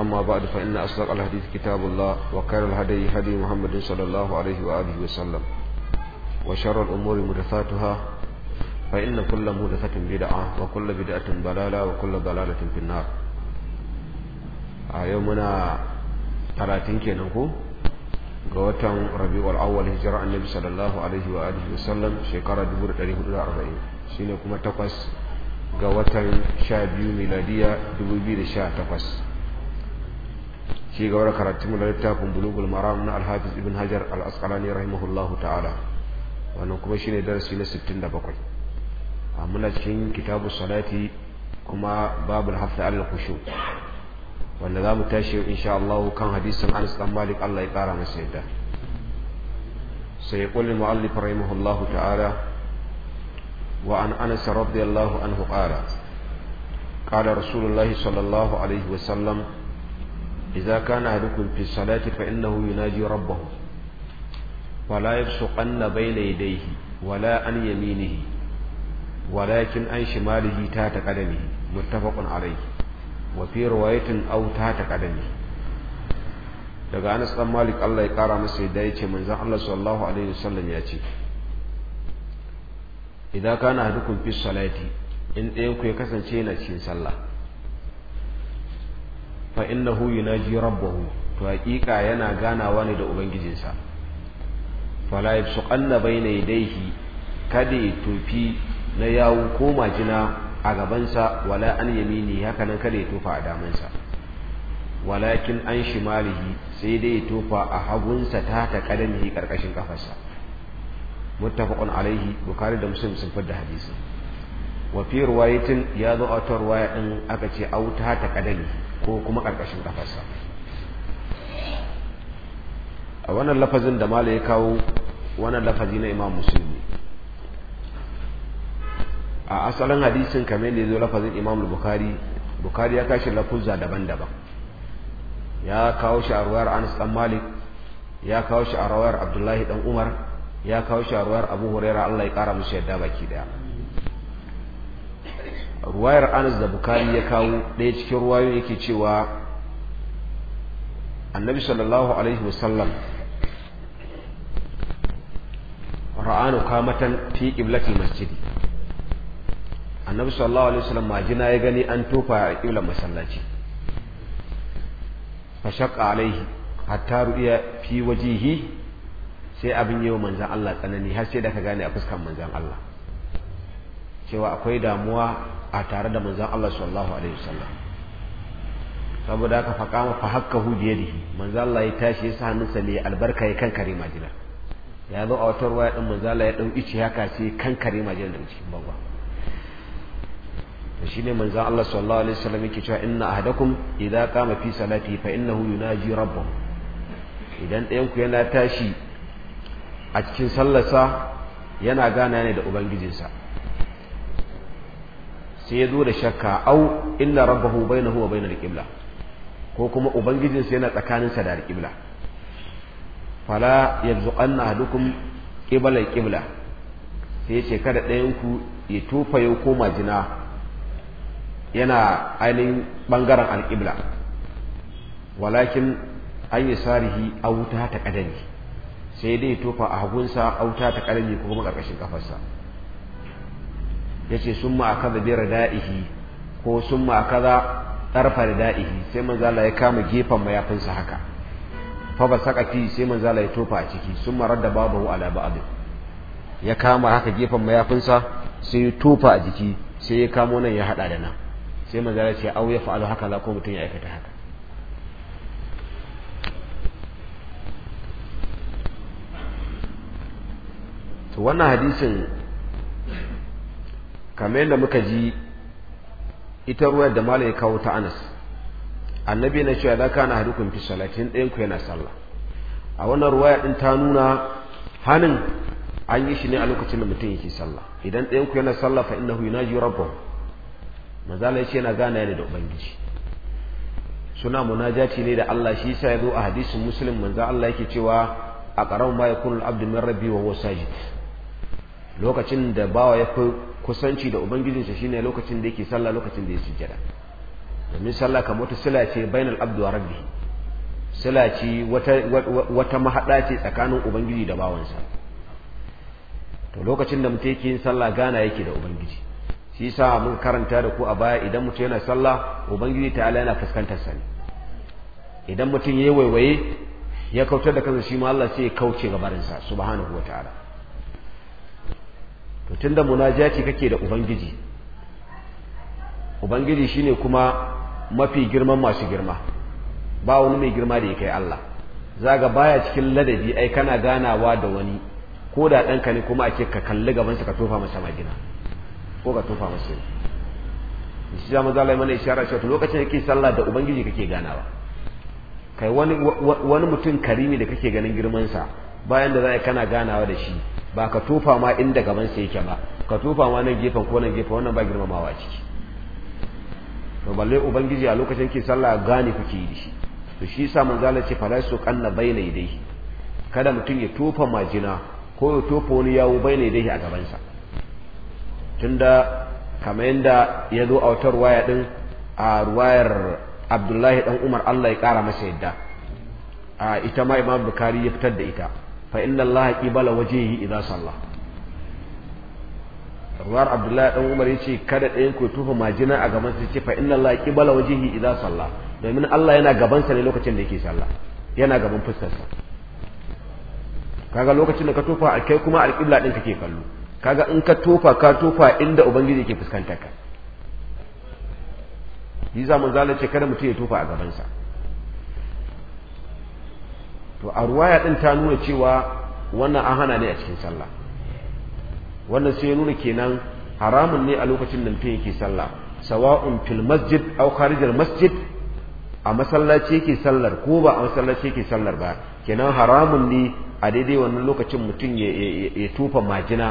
أما بعد فإن أصدق الحديث كتاب الله وكان الهدي هدي محمد صلى الله عليه وآله وسلم وشر الأمور محدثاتها فإن كل محدثة بدعة وكل بدعة ضلالة وكل ضلالة في النار يومنا 30 kenan ko ga watan Rabiul Awwal hijira Annabi sallallahu alaihi wa alihi wasallam shekara 1440 shine kuma takwas ga watan 12 miladiya 2018 ci ga da karatun da littafin bulugul maram na alhafiz ibn hajar al-asqalani rahimahullahu ta'ala wannan kuma shine darasi na 67 a muna cikin kitabu salati kuma babul hafta alal khushu wanda za mu tashi insha Allah kan hadisin Anas dan Malik Allah ya kara masa yadda sai qul mu'allif rahimahullahu ta'ala وعن أنس رضي الله عنه قال قال رسول الله صلى الله عليه إذا كان أحدكم في الصلاة فإنه يناجي ربه ولا يبسقن بين يديه ولا أن يمينه ولكن أن شماله تحت قدمه متفق عليه وفي رواية أو تحت قدمه daga Anas dan Malik Allah ya kara masa yadda yace manzon Allah sallallahu alaihi wasallam ya ce idza kana ahadukum fi salati in ɗayan ku ya kasance yana cikin sallah fa innahu yunaji rabbahu to hakika yana ganawa ne da ubangijinsa fala yabsuqanna bayna yadayhi kada tufi na yawo ko majina a gabansa wala an yamini haka nan kada ya tofa a damansa walakin an shimalihi sai dai ya tofa a hagunsa ta ta kadamihi karkashin kafarsa muttafaqun alaihi bukhari da muslim sun fada hadisi wa fi riwayatin ya zo a wata din aka ce au ta ta kadamihi ko kuma ƙarƙashin ƙafarsa a wannan lafazin da mala ya kawo wannan lafazi na imam musulmi a asalin hadisin kamar da ya zo lafazin imam bukari bukari ya kashi lafuzza daban-daban ya kawo shi a ruwayar anas dan malik ya kawo shi a ruwayar abdullahi dan umar ya kawo shi a ruwayar abu huraira allah ya kara musu yadda baki daya ruwayar Anas da bukari ya kawo ɗaya cikin ruwayoyi yake cewa Annabi sallallahu alaihi wasallam ra'anu kamatan fi qiblati masjidi Annabi sallallahu alaihi wasallam majina ya gani an tofa a qiblar masallaci fa shaqqa alaihi hatta ru'iya fi wajihi sai abin yi wa manzan Allah tsanani har sai da ka gane a fuskan manzan Allah cewa akwai damuwa a tare da manzan Allah sallallahu alaihi wasallam saboda haka fa kama fa hakkahu bi yadihi manzon Allah ya tashi ya sa hannunsa ne albarka ya kankare majina ya zo a wata ruwa din manzon Allah ya dau ice haka sai kankare majina da cikin bagwa to shine manzan Allah sallallahu alaihi wasallam yake cewa inna ahadakum idza qama fi salati fa innahu yunaji rabbahu idan ɗayan ku yana tashi a cikin sallarsa yana gana ne da ubangijinsa sai ya zo da shakka au inna rabbahu bainahu wa bainal qibla ko kuma ubangijin ubangijinsa yana tsakanin sa da alqibla fala yarzuqanna ahadukum qibla qibla sai yace kada ɗayan ku ya tofa ya koma jina yana ainihin bangaren alqibla walakin an yi sarihi auta ta kadami sai dai tofa a hagunsa auta ta kadami ko kuma karkashin kafarsa yace sun ma aka da bira da'ihi ko sun ma aka da tarfa da'ihi sai manzo Allah ya kama gefen sa haka fa ba saka fi sai manzo Allah ya tofa a ciki ma radda babu ala ba'd ya kama haka gefen sa sai ya tofa a jiki sai ya kamo nan ya hada da nan sai manzo Allah ya ce au ya fa'alu haka la ko mutun ya aikata haka to wannan hadisin kamar yadda muka ji ita ruwa da malai ya kawo ta Anas annabi na cewa da ka na hadukun fi salatin ɗayan ku yana sallah a wannan ruwaya ɗin ta nuna hanin an yi shi ne a lokacin da mutum yake sallah idan ɗayan ku yana sallah fa innahu yunaji rabbahu mazala yace yana gana ne da ubangiji suna munajati ne da Allah shi yasa ya zo a hadisin muslim manzo Allah yake cewa a ƙarar ma yakunu al-abdu min rabbi wa huwa sajid lokacin da bawa ya fi kusanci da ubangijinsa shi ne lokacin da yake sallah lokacin da ya sujjada domin sallah kamar wata sila ce bainal abdu wa rabbi sila ce wata mahaɗa ce tsakanin ubangiji da bawansa to lokacin da mutum yake yin sallah gana yake da ubangiji shi yasa mun karanta da ku a baya idan mutum yana sallah ubangiji ta'ala yana fuskantar Sani idan mutum ya yi waiwaye ya kautar da kansa shi ma Allah sai ya kauce gabarinsa subhanahu ta'ala. to tunda munajati kake da ubangiji ubangiji shine kuma mafi girman masu girma ba wani mai girma da ya kai Allah zaga baya cikin ladabi ai kana ganawa da wani ko da ɗanka ne kuma ake ka kalli gaban ka tofa masa magina ko ka tofa masa shi zama zalai mana ishara cewa to lokacin da sallah da ubangiji kake ganawa kai wani wani mutum karimi da kake ganin girman sa bayan da zai kana ganawa da shi ba ka tofa ma inda gaban sai yake ba ka tofa ma nan gefen ko nan gefen wannan ba girmamawa ciki to balle ubangiji a lokacin ke sallah gane kuke yi shi to shi yasa manzo Allah ce fala su kanna baina dai kada mutum ya tofa majina ko ya tofa wani yawo baina dai a gaban sa tunda kamar yanda ya zo a wata ruwaya din a ruwayar Abdullahi dan Umar Allah ya kara masa yadda a ita ma Imam Bukhari ya fitar da ita fa inna allaha qibala wajhihi idza salla Ruwar Abdullahi dan Umar yace kada ɗayan ku tufa majina a gaban sai ce fa inna allaha qibala wajhihi idza salla domin Allah yana gaban sa ne lokacin da yake sallah yana gaban fuskar sa kaga lokacin da ka tufa a kai kuma alƙibla din kake kallo kaga in ka tufa ka tufa inda ubangiji yake fuskantar ka yi zaman zalace kada mutum ya tufa a gaban sa to a ruwaya din ta nuna cewa wannan an hana ne a cikin sallah wannan sai ya nuna kenan haramun ne a lokacin da mutum yake sallah sawa'un fil masjid aw kharijal masjid a masallaci yake sallar ko ba a masallaci yake sallar ba kenan haramun ne a daidai wannan lokacin mutum ya tufa majina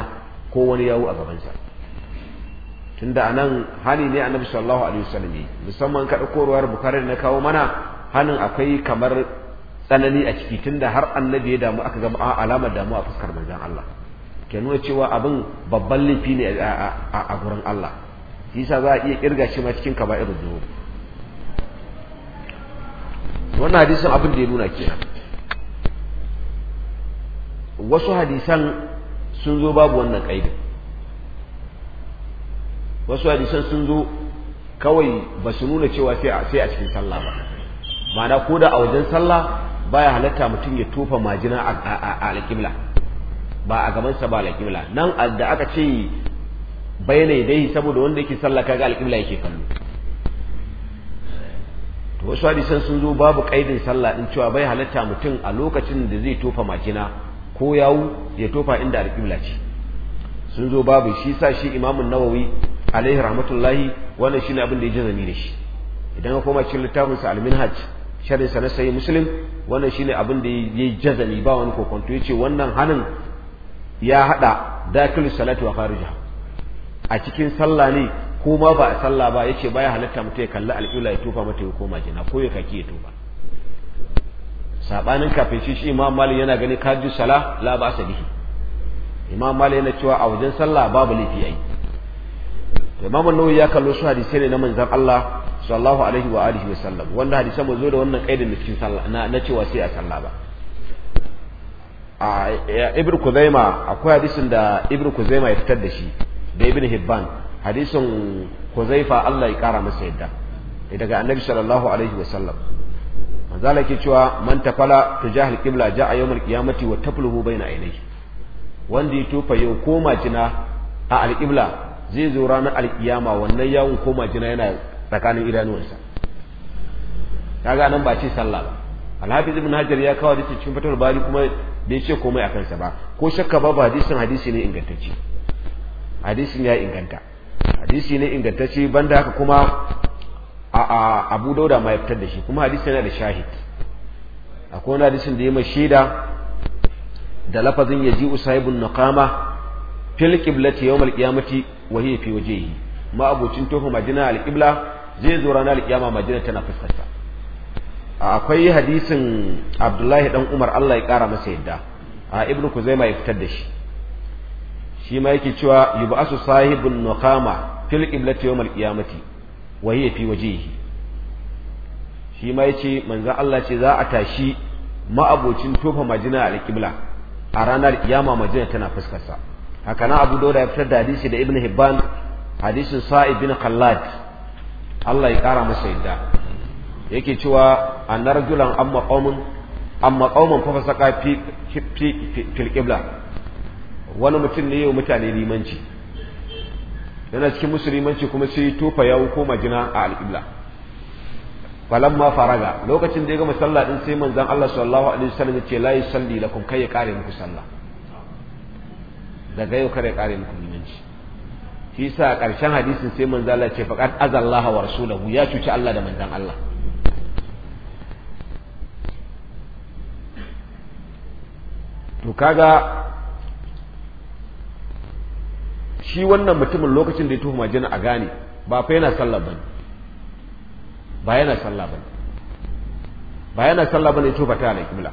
ko wani yawo a gabansa tunda anan hani ne annabi sallallahu alaihi wasallam musamman ka dauko ruwar bukhari na kawo mana hanin akwai kamar tsanani a ciki tunda har annabi ya damu aka gama alamar damu a fuskar manzon Allah ke nuna cewa abin babban laifi ne a gurin Allah shi yasa za a iya kirga shi ma cikin irin zuwa wannan hadisin abin da ya nuna kenan wasu hadisan sun zo babu wannan kaidin wasu hadisan sun zo kawai ba su nuna cewa sai a cikin sallah ba ma'ana ko da a wajen sallah baya halatta mutum ya tofa majina a alƙibla ba a gabansa ba alƙibla nan da aka ce bayanai dai saboda wanda yake sallaka ga alƙibla yake kallo to wasu hadisan sun zo babu kaidin sallah din cewa bai halatta mutum a lokacin da zai tofa majina ko yawu ya tofa inda alƙibla ce sun zo babu shi sa shi imamun nawawi alaihi rahmatullahi wannan shine abin da ya jira zami da shi idan ka koma cikin littafinsa al-minhaj sharin sa na musulun muslim wannan shine abin da ya jazami ba wani kokonto ya ce wannan hannun ya hada dakilu salatu wa kharija a cikin sallah ne ko ma ba a sallah ba yace baya halatta mutum ya kalli alƙula ya tofa mata ya koma jina ko ya kaki ya tofa sabanin kafin shi shi imam malik yana gani kaji sala la ba sa bihi imam malik yana cewa a wajen sallah babu laifi ai Imam an-Nawawi ya kallo su hadisai ne na manzon Allah sallallahu alaihi wa alihi wa sallam wanda hadisan mu zo da wannan kaidin da cikin sallah na na cewa sai a sallah ba a ibnu Kuzaima akwai hadisin da ibnu Kuzaima ya fitar da shi da ibnu Hibban hadisin Kuzaifa Allah ya kara masa yadda eh, daga Annabi sallallahu alaihi wa sallam manzo Allah cewa man tafala tujahil qibla ja'a yawmal qiyamati wa tafluhu baina ainihi wanda ya tofa yau koma jina a alƙibla zai zo ranar alkiyama wannan yawon koma jina yana tsakanin idanuwansa ga nan ba ce sallah ba alhafiz ibn hajar ya kawo dace cikin fatar bari kuma bai ce komai a kansa ba ko shakka ba ba hadisin hadisi ne ingantacce hadisin ya inganta hadisi ne ingantacce banda haka kuma a abu dauda ma ya fitar da shi kuma hadisi yana da shahid akwai wani hadisin da ya mai shaida da lafazin yaji usaibun naqama fil qiblati yawmal qiyamati wa hiya fi wajhihi ma abucin tofa madina al qibla zai zo ranar kiyama madina tana fuskarsa akwai hadisin Abdullahi dan Umar Allah ya kara masa yadda a Ibn Kuzaima ya fitar da shi shi ma yake cewa yub'asu sahibun nuqama fil qiblati yawmal qiyamati wa hiya fi wajhihi shi ma yace manzo Allah ce za a tashi ma abucin tofa madina al qibla a ranar kiyama madina tana fuskarsa haka na abu dauda ya fitar da hadisi da ibn hibban hadisin sa'id bin khallad Allah ya kara masa yadda yake cewa a rajulan amma qaumun amma qaumun fa fasaka fi fil qibla wani mutum ne yau mutane limanci yana cikin musulmanci kuma sai tofa ya ko majina a alƙibla falamma faraga lokacin da ya gama sallah din sai manzon Allah sallallahu alaihi wasallam ya ce la yusalli lakum kai ya kare muku sallah daga yau kare kare muku zumunci shi sa karshen hadisin sai manzo Allah ce faqad azallaha wa rasulahu ya cuci Allah da manzon Allah to kaga shi wannan mutumin lokacin da ya tuhuma jini a gane ba fa yana sallah bane ba yana sallah bane ba yana sallah bane ya tufa ta kibla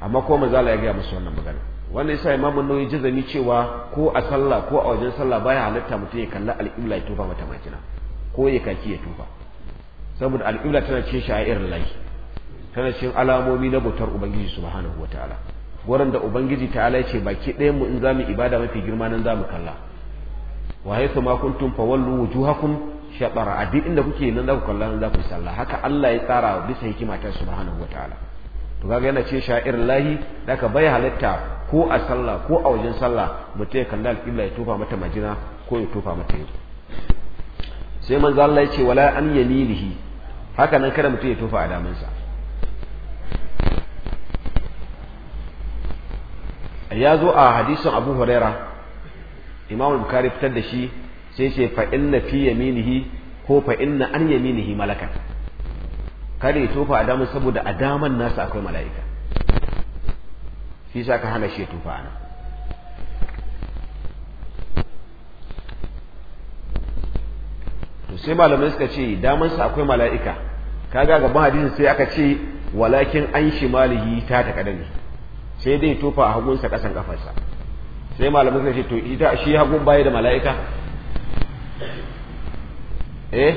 amma ko manzo Allah ya ga musu wannan magana wannan yasa imamu nawawi jazami cewa ko a sallah ko a wajen sallah baya halatta mutum ya kalla al'ibla ya tofa mata makina ko ya kaki ya tofa saboda al'ibla tana cin sha'ir lahi tana cikin alamomi na bautar ubangiji subhanahu wataala gurin da ubangiji ta'ala yace baki ɗayan mu in zamu ibada mafi girma nan zamu kalla wa haythu ma kuntum fawallu wujuhakum shatara a duk inda kuke nan za ku kalla nan za ku sallah haka Allah ya tsara bisa hikima ta subhanahu wataala to kaga yana ce sha'ir lahi zaka bai halatta ko a sallah ko a wajen sallah mutum ya kalla alƙibla ya tofa mata majina ko ya tofa mata yi. sai manzo Allah ya ce wala an yamilihi haka nan kada mutum ya tofa a sa ya zo a hadisin Abu Huraira Imam Bukhari fitar da shi sai ce fa inna fi yaminihi ko fa inna an yaminihi malaka. kada ya tofa a daman saboda a daman nasa akwai mala'ika shi sa ka hana shi tufa ana to sai malamai suka ce daman sa akwai mala'ika kaga gaban hadisin sai aka ce walakin an shi malihi ta ta kadani sai dai tofa a sa kasan kafarsa sai malamai suka ce to ita shi hagun baya da mala'ika eh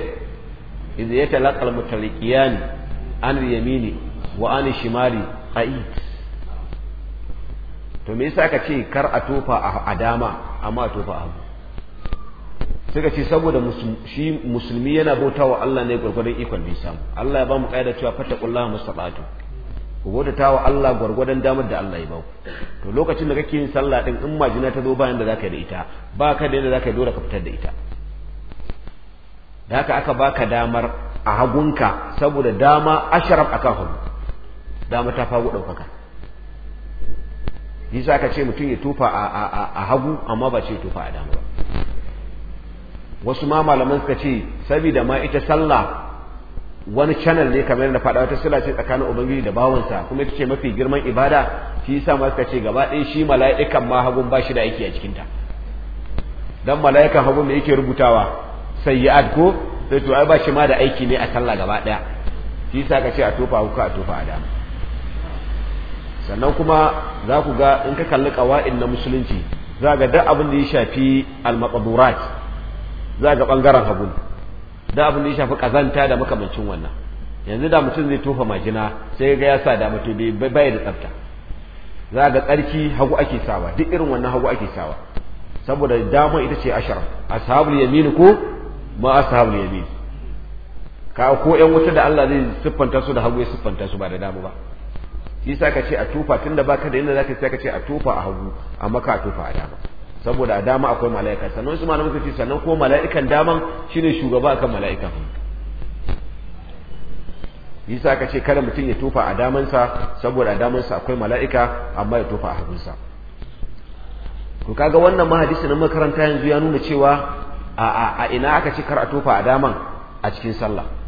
idza yatalaqal mutalqiyan an yamini wa an shimali qa'id to me yasa ka ce kar a tofa a dama amma a tofa a hagu suka ce saboda shi musulmi yana bauta wa Allah ne gwargwadon ikon bai samu Allah ya ba mu kaida cewa fata fattaqullaha musabatu ku ta wa Allah gwargwadon damar da Allah ya ba ku to lokacin da kake yin sallah din in majina ta zo bayan da zaka yi da ita ba ka da yadda zaka yi dole ka fitar da ita da haka aka baka damar a hagunka saboda dama asharaf aka hagu dama ta fago ɗaukaka yasa ka ce mutum ya tufa a hagu amma ba ce tufa a dama ba wasu ma malaman suka ce saboda ma ita sallah wani channel ne kamar da fada wata sila ce tsakanin ubangiji da bawansa kuma ita ce mafi girman ibada shi yasa ma suka ce gaba ɗaya shi mala'ikan ma hagun ba shi da aiki a cikinta dan mala'ikan hagun ne yake rubutawa sayyi'at ko sai to ai ba shi ma da aiki ne a sallah gaba ɗaya shi sa ka ce a tofa ka a tofa a dama sannan kuma za ku ga in ka kalli ƙawa'in na musulunci za ga duk abin da ya shafi almatsadurat za ga ɓangaren hagu duk abin da ya shafi ƙazanta da makamancin wannan yanzu da mutum zai tofa majina sai ga ya sa da mutum bai da tsafta za ga tsarki hagu ake sawa duk irin wannan hagu ake sawa saboda damar ita ce ashirin ashabul yamin ko ma ashabul yamin ka ko yan wuta da Allah zai siffanta su da hagu ya siffanta su ba da dama ba shi sa ka ce a tufa tunda baka da yadda zaka sai ka ce a tufa a hagu amma ka tufa a dama saboda a dama akwai mala'ika sannan su malamu suka ce sannan ko mala'ikan daman shine shugaba akan mala'ikan yi sa ka ce kada mutum ya tufa a damansa saboda a damansa akwai mala'ika amma ya tufa a hagunsa Ko kaga wannan mahadisi na makaranta yanzu ya nuna cewa a ina aka ce kar a tufa a daman a cikin sallah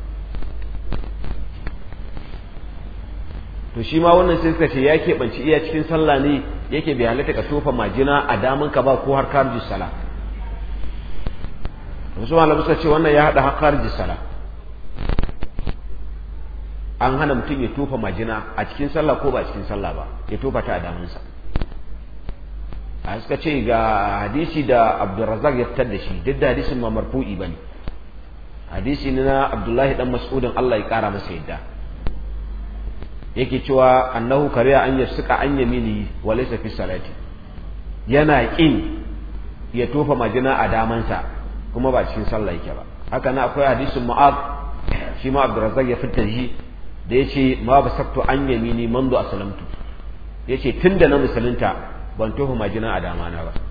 to shi ma wannan sai suka ce ya keɓanci iya cikin sallah ne yake bai halatta ka tofa majina a damin ka ba ko har karji sala wasu malamai suka ce wannan ya haɗa har karji sala an hana mutum ya tofa majina a cikin sallah ko ba a cikin sallah ba ya tofa ta a sa a suka ce ga hadisi da abdulrazak ya fitar da shi duk da hadisin ma marfu'i bane hadisi na abdullahi dan mas'udin Allah ya kara masa yadda yake cewa annahu kariya an yasuka an yamini wa laysa fi salati yana kin ya tofa majina a damansa kuma ba cikin sallah yake ba haka na akwai hadisin mu'ad shi ma Razzaq ya fitar shi da yace ma ba basaktu an yamini mandu aslamtu yace tunda na musulunta ban tofa majina a damana ba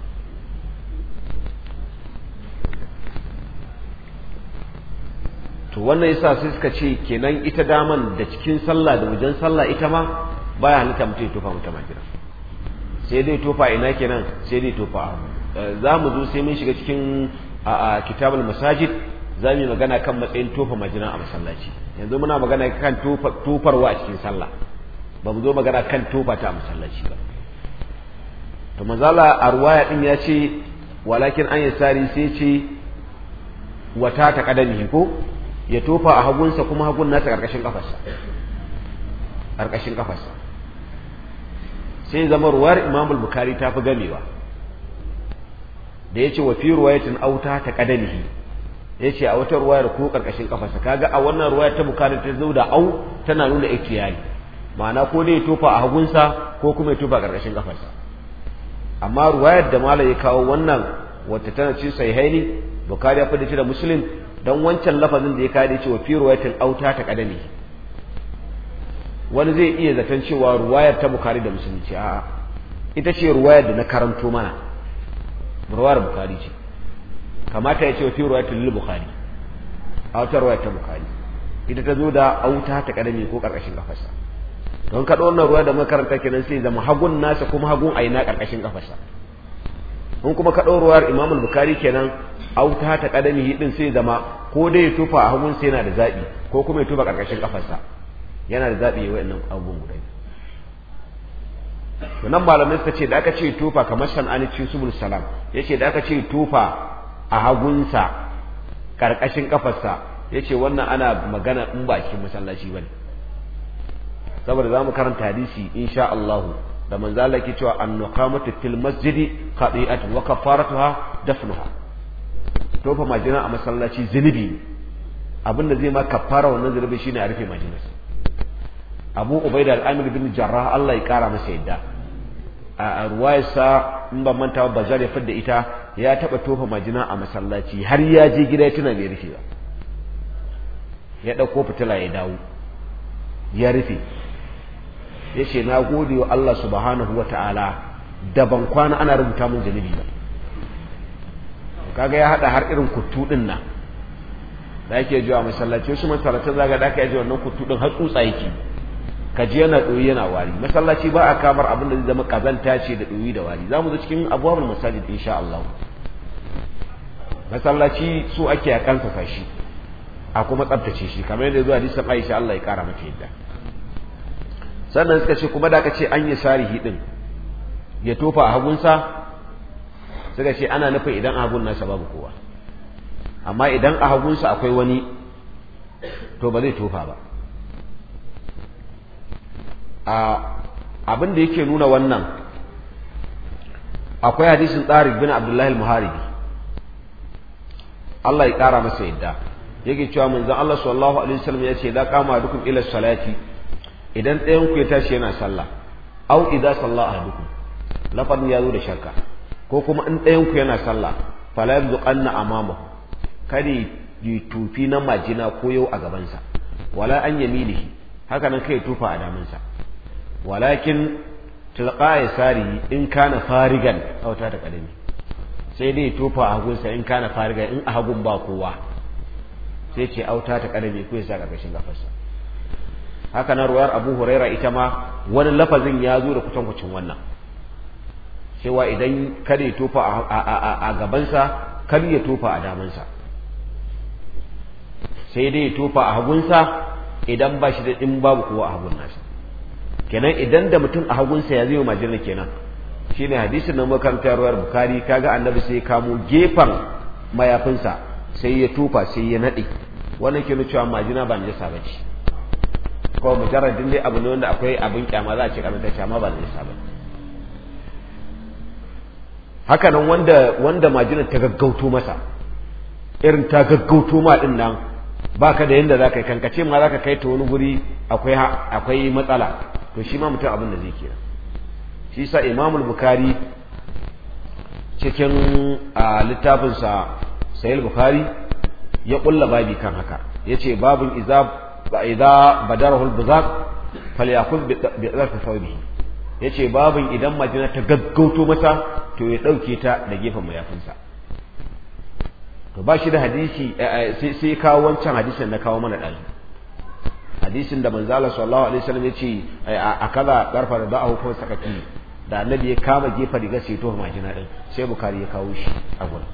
to wannan yasa sai suka ce kenan ita daman da cikin sallah da wajen sallah ita ma baya halitta mutum ya tofa mutum a sai dai tofa ina kenan sai dai tofa eh, za mu zo sai mun shiga cikin a kitabul masajid za mu yi magana kan matsayin tofa majina a masallaci yanzu muna magana kan tofarwa a cikin sallah ba mu zo magana kan tofa ta a masallaci ba to mazala a ruwaya din ya ce walakin an yasari sai ce wata ta kadamihi ko ya tofa a hagunsa kuma hagun nasa ƙarƙashin ƙafarsa ƙarƙashin ƙafarsa sai zama ruwar imamul bukari ta fi gamewa da ya ce wa fi ruwayatin auta ta ƙadamihi ya ce a wata ruwayar ko ƙarƙashin ƙafarsa kaga a wannan ruwayar ta bukari ta zo da au tana nuna ikhtiyari ma'ana ko ne ya tofa a hagunsa ko kuma ya tofa ƙarƙashin ƙafarsa amma ruwayar da malam ya kawo wannan wata tana cin haini, bukari ya fi da musulun. don wancan lafazin da ya kada cewa fi ruwayatil auta ta kadani wani zai iya zaton cewa ruwayar ta bukari da musulunci a'a ita ce ruwayar da na karanto mana ruwayar bukari ce kamata ya ce fi ruwayatil bukari auta ruwayar ta bukari ita ta zo da auta ta kadani ko karkashin kafarsa don kaɗo wannan ruwa da makaranta kenan sai zama hagun nasa kuma hagun a na karkashin kafarsa in kuma kaɗo ruwayar imamul bukari kenan Auta ta kadami din sai zama ko dai ya tufa a hagun sai yana da zabi ko kuma ya tufa karkashin kafarsa yana da zabi yayin nan abun guda to nan malamin suka ce da aka ce tufa kamar an ci subul salam yace da aka ce tufa a sa karkashin kafarsa yace wannan ana magana in ba cikin masallaci bane saboda zamu karanta hadisi insha Allah da manzo Allah yake cewa an nuqamatu fil masjidi qadi'atu wa kafaratuha dafnuha tofa majina a masallaci zunubi abin da zai ma kafara wannan zunubi shine a rufe majinas abu ubaida al-amir bin jarrah Allah ya kara masa yadda a ruwaisa in ban manta ba ya fadda ita ya taba tofa majina a masallaci har ya je gida ya tuna bai rufe ba ya ɗauko fitila ya dawo ya rufe Ya ce na gode wa Allah subhanahu wataala da ban kwana ana rubuta min zunubi ba kaga ya hada har irin kuttu din nan da yake jiwa masallaci su masallacin zaga da aka yi wannan kuttu din har tsutsa yake ka ji yana ɗoyi yana wari masallaci ba a kamar abin da zai zama kazanta ce da ɗoyi da wari za zo cikin abubuwan masajid insha Allah masallaci su ake a kansa shi a kuma tsabtace shi kamar yadda zuwa hadisin insha Allah ya kara mata yadda sannan suka ce kuma da aka ce an yi sarihi din ya tofa a hagunsa suka ce ana nufin idan a hagun nasa babu kowa amma idan a hagunsa akwai wani to ba zai tofa ba a abin da yake nuna wannan akwai hadisin tsari bin abdullahi muharibi Allah ya kara masa yadda yake cewa zan Allah sallallahu alaihi wasallam ya ce da kama dukun ila salati idan ɗayan ku ya tashi yana sallah au idza salla ahadukum lafadin ya zo da shakka ko kuma in ɗayan ku yana sallah fala a amamahu kare yi tufi na majina ko yau a gabansa wala an yi haka nan kai tufa a damansa walakin ya yasari in kana farigan auta da kalimi sai dai tufa a hagunsa in kana farigan in a hagun ba kowa sai ce auta ta kalimi ko sa karkashin gafarsa haka nan ruwar Abu Huraira ita ma wani lafazin ya zo da kucin wannan cewa idan kada ya tofa a gabansa kar ya tofa a damansa sai dai ya tofa a hagunsa idan ba shi da in babu kowa a hagun nasa kenan idan da mutum a hagunsa ya zai majina kenan shine hadisin na makarantar ruwar bukari kaga annabi sai kamo gefen mayafinsa sai ya tofa sai ya naɗe wannan ke cewa majina ba najasa ba ce ko mujarradin dai abu ne wanda akwai abin kyama za a ce kamar ta kyama ba na ba hakanan wanda wanda majinar ta gaggauto masa irin ta gaggauto ma din nan baka da yanda zaka yi kankace ma zaka kai ta wani guri akwai akwai matsala to shi ma mutum abin da zai kira shi sa imamu Bukhari cikin littafinsa Sahih Bukhari ya kulla babi kan haka yace babun iza idza badarahu falyakul bi yace babin idan majina ta gaggauto masa. to ya ɗauke ta da gefen mayafinsa to ba shi da hadisi eh, eh, sai kawo wancan hadisin na kawo mana ɗari hadisin da manzala sallallahu alaihi wasallam ya ce a kaza ƙarfa da da'ahu kuma sakaki da annabi ya kama gefe riga sai to majina din sai bukari ya kawo shi a gurin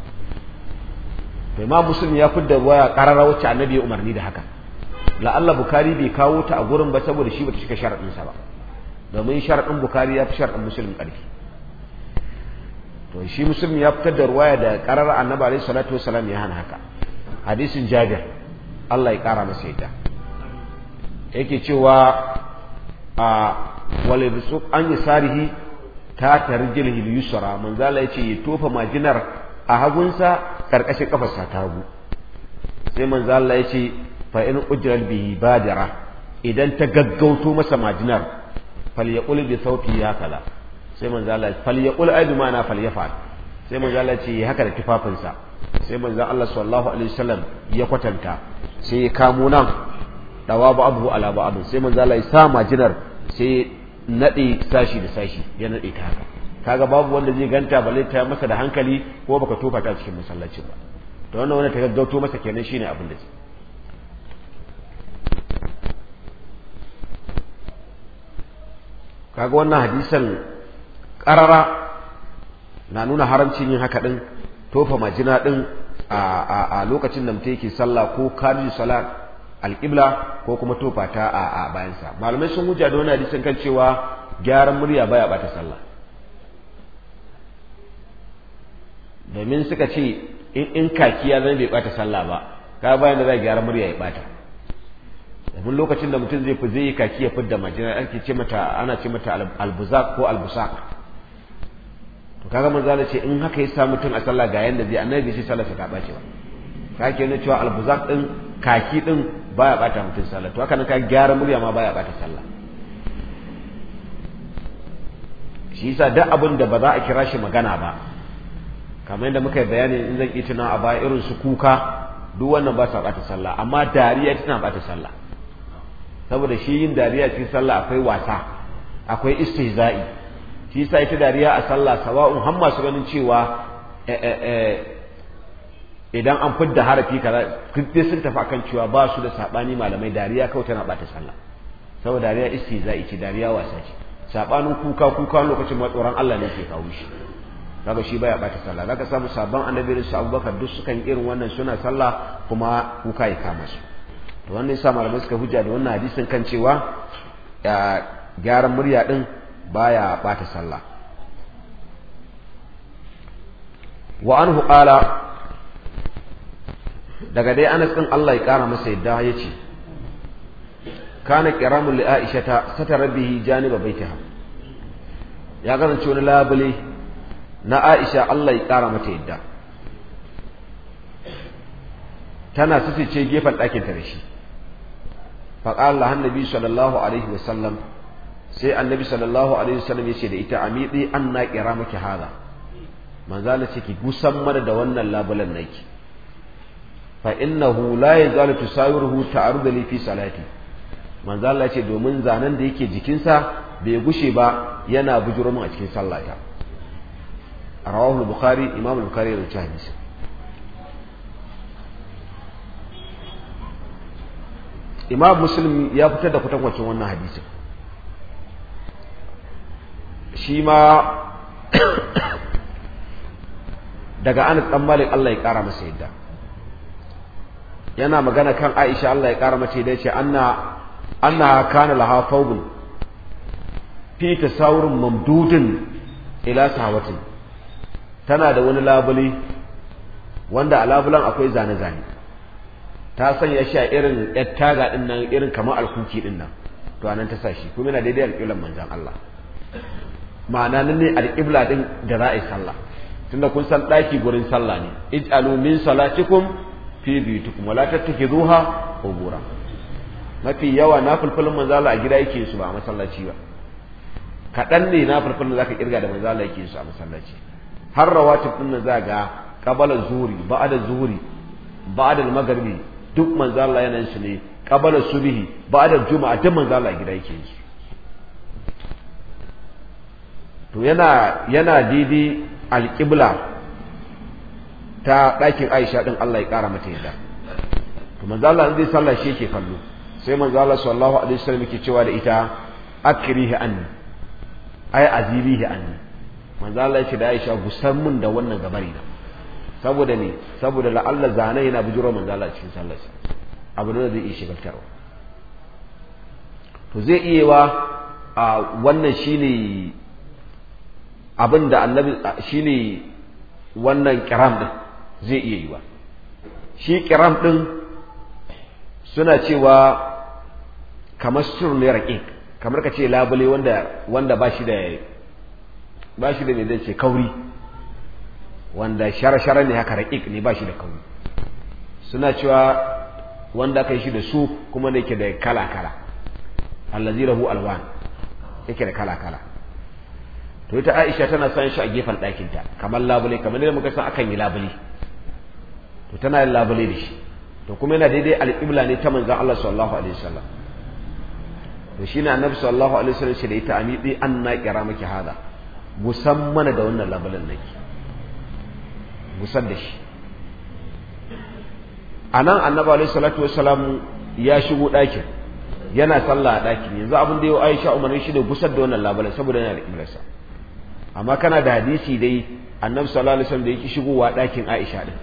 to imam muslim ya fidda waya qarara wacce annabi ya umarni da haka Allah bukari bai kawo ta a gurin ba saboda shi bata cika sharaɗinsa ba domin sharaɗin bukari ya fi sharaɗin muslim karfi to shi Musulmi ya fitar da ruwaya da karar annabi alaihi salatu wasalam ya hana haka hadisin jabir Allah ya kara masa yadda yake cewa a wale bisu an sarihi ta tarjilhi al-yusra manzala yace ya tofa majinar a hagunsa karkashin kafarsa ta hagu sai manzala yace fa in ujral bihi ra, idan ta gaggauto masa majinar fal falyaqul bi sauti ya kala sai manzo Allah fal yaqul ay ma na fal yafal sai manzo Allah ce haka da tufafinsa sai manzo Allah sallallahu alaihi wasallam ya kwatanta sai ya kamo nan dawa ba abu ala ba abu sai manzo Allah ya sa majinar sai nade sashi da sashi ya nade ta haka kaga babu wanda zai ganta balle ta masa da hankali ko baka tofa ta cikin masallacin ba to wannan wanda ta gaggauto masa kenan shine abin da kaga wannan hadisan ƙarara na nuna haramcin yin haka ɗin tofa majina ɗin a lokacin da mutum yake sallah ko kaji salat alƙibla ko kuma tofa ta a bayansa malamai sun hujja da wani sun kan cewa gyaran murya baya bata sallah domin suka ce in kaki ya zama bai bata sallah ba ka bayan da za gyara murya ya bata domin lokacin da mutum zai fi zai yi kaki ya fidda majina ake ce mata ana ce mata albuzak ko albusak. to kaga manzo Allah ce in haka ya sa mutum a sallah ga yanda zai annabi bai sallah ta bace ba ka ke nuna cewa albuzak din kaki din baya bata mutum sallah to haka nan ka gyara murya ma baya bata sallah shi yasa duk abin da ba za a kira shi magana ba kamar yadda muka yi bayani in zan itina a baya irin su kuka duk wannan ba sa bata sallah amma dariya tana bata sallah saboda shi yin dariya cikin sallah akwai wasa akwai istihza'i shi yasa ita dariya a sallah sawa'un har masu ganin cewa eh, eh, eh, idan an fidda harafi kaza duk sun tafi akan cewa ba su da sabani malamai dariya kawai tana bata sallah saboda dariya istihza'i ce dariya wasa ce sabanin kuka kuka lokacin matsoran Allah ne ke kawo shi kaga shi baya bata sallah zaka samu sabon annabi da Abubakar duk sukan irin wannan suna sallah kuma kuka ya kama su to wannan yasa malamai suka hujja da wannan hadisin kan cewa gyaran murya ɗin. baya bata sallah wa anhu qala daga dai Anas din Allah ya kara masa yadda yace kana kiramu li Aisha ta satara bihi janiba baitiha ya kasance wani labule na Aisha Allah ya kara mata yadda tana ce gefen ɗakinta ta da shi faqala annabi sallallahu alaihi wasallam sai annabi sallallahu alaihi wasallam yace da ita amidi anna maki hada manzo Allah ce ki gusan mana da wannan labulan naki fa innahu la yazalu tusawiruhu ta'arud li fi salati manzo Allah ce domin zanen da yake jikinsa bai gushe ba yana bujuro mu a cikin sallata rawahu bukhari imam al-bukhari ya rawaita imam muslim ya fitar da kutan wannan hadisin shi ma daga an tsammali Allah ya ƙara masa yadda yana magana kan Aisha Allah ya kara mata yadda ce an na kana laha thawbun fi saurin mamdudin ila sawatin tana da wani labule wanda a labulan akwai zane-zane ta sanya shi a irin yattaga taga nan irin kamar alkuki ɗinnan nan to anan ta sa shi kuma yana daidai alƙilan manzan Allah ma'ana nan ne alƙibla din da za a yi sallah tunda kun san ɗaki gurin sallah ne ij'alu min salatikum fi biyutikum wala tattakhiduha qubura mafi yawa na fulfulun manzala a gida yake su ba a masallaci ba kaɗan ne na fulfulun zaka kirga da manzala yake su a masallaci har rawatib din nan zaga qabala zuhri ba'da zuhri ba'da maghribi duk manzala yana shi ne qabala subhi ba'da juma'a duk manzala a gida yake su to yana yana daidai alƙibla ta ɗakin aisha ɗin Allah ya ƙara mata yadda to manzo Allah zai sallah shi yake kallo sai manzo Allah sallallahu alaihi wasallam yake cewa da ita akrihi anni ay azibihi anni manzo Allah yake da Aisha gusar mun da wannan gabari na saboda ne saboda la'alla zana yana bujuro manzo Allah cikin sallar shi, abu da zai iya shigaltarwa to zai iya wa wannan shine abin da annabi shine wannan kiram din zai iya yi ba shi kiram din suna cewa kamar sirri raqiq kamar ka ce labule wanda wanda ba da ce kauri wanda shara-shara ne haka raƙiƙ ne ba shi da kauri suna cewa wanda aka yi shi da su kuma ne ke da kala-kala allazi alwan yake da kala-kala to ita Aisha tana san shi a gefen ɗakinta kamar labule kamar yadda muka san akan yi labule to tana yin labule da shi to kuma yana daidai alƙibla ne ta manzon Allah sallallahu alaihi wasallam to shine annabi sallallahu alaihi wasallam shi da ita amidi anna kira miki hada musamman mana da wannan labulen nake gusan da shi anan annabi alaihi salatu wasallam ya shigo ɗakin yana sallah a ɗakin yanzu abin da yau Aisha umarni shi da gusar da wannan labulen saboda yana da kiblarsa amma kana da hadisi dai annabi sallallahu alaihi wasallam da yake shigowa ɗakin Aisha din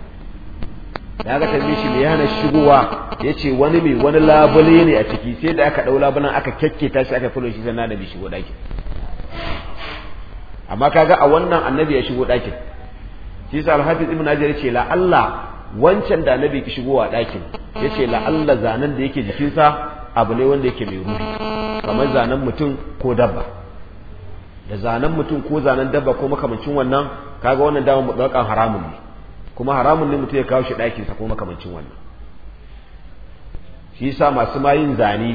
da aka tambaye shi me yana hana shigowa yace wani mai wani labule ne a ciki sai da aka dau labulan aka kekketa shi aka fulo shi da bi shigo ɗakin amma kaga a wannan annabi ya shigo ɗakin shi sa al-hafiz ibn hajar yace la Allah wancan da annabi ki shigowa ɗakin yace la Allah zanan da yake jikinsa abu ne wanda yake mai ruhi kamar zanan mutum ko dabba da zanen mutum ko zanen dabba ko makamancin wannan kaga wannan dama mutlaqan haramun ne kuma haramun ne mutum ya kawo shi ɗakin sa ko makamancin wannan shi sa masu mayin zane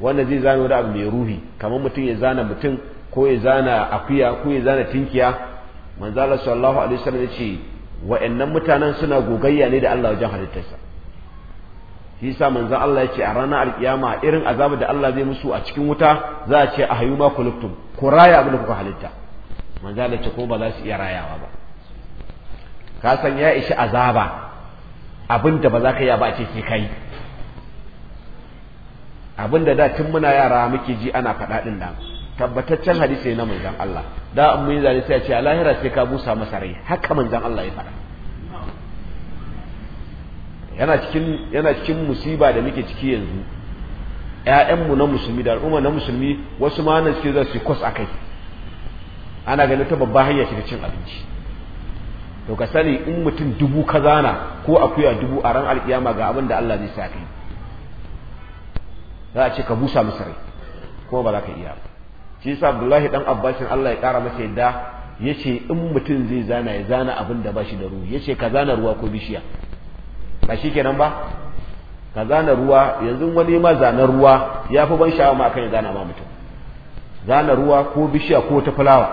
wanda zai zane wani abu mai ruhi kamar mutum ya zana mutum ko ya zana akuya ko ya zana tinkiya manzo Allah alaihi wasallam ya ce wa'annan mutanen suna gogayya ne da Allah wajen halittarsa shi yasa manzo Allah yake a ranar alkiyama irin azabar da Allah zai musu a cikin wuta za a ce ahayu ma kuluktum ku raya abin da kuka halitta manzo Allah ce ko ba za su iya rayawa ba ka san ya ishi azaba abin da ba za ka yi ba a ce kai abin da da tun muna yara muke ji ana faɗa din nan tabbataccen hadisi ne na manzon Allah da an mun zane sai a ce a lahira sai ka busa masa rai haka manzon Allah ya faɗa yana cikin yana cikin musiba da muke ciki yanzu ƴaƴanmu na musulmi da al'umma na musulmi wasu ma nan suke za su kwas akai ana ganin ta babba hanya ce ta cin abinci to ka sani in mutum dubu kaza na ko akuya dubu a ran alkiyama ga abin da Allah zai sa kai za a ce ka busa masa rai kuma ba za ka iya ba shi yasa Abdullahi dan Abbasin Allah ya kara masa yadda yace in mutum zai zana ya zana abin da ba shi da ruwa yace ka zana ruwa ko bishiya ba shi kenan ba ka zana ruwa yanzu wani ma zanen ruwa ya fi ban sha'awa ma kan ya zana ma mutum zana ruwa ko bishiya ko ta fulawa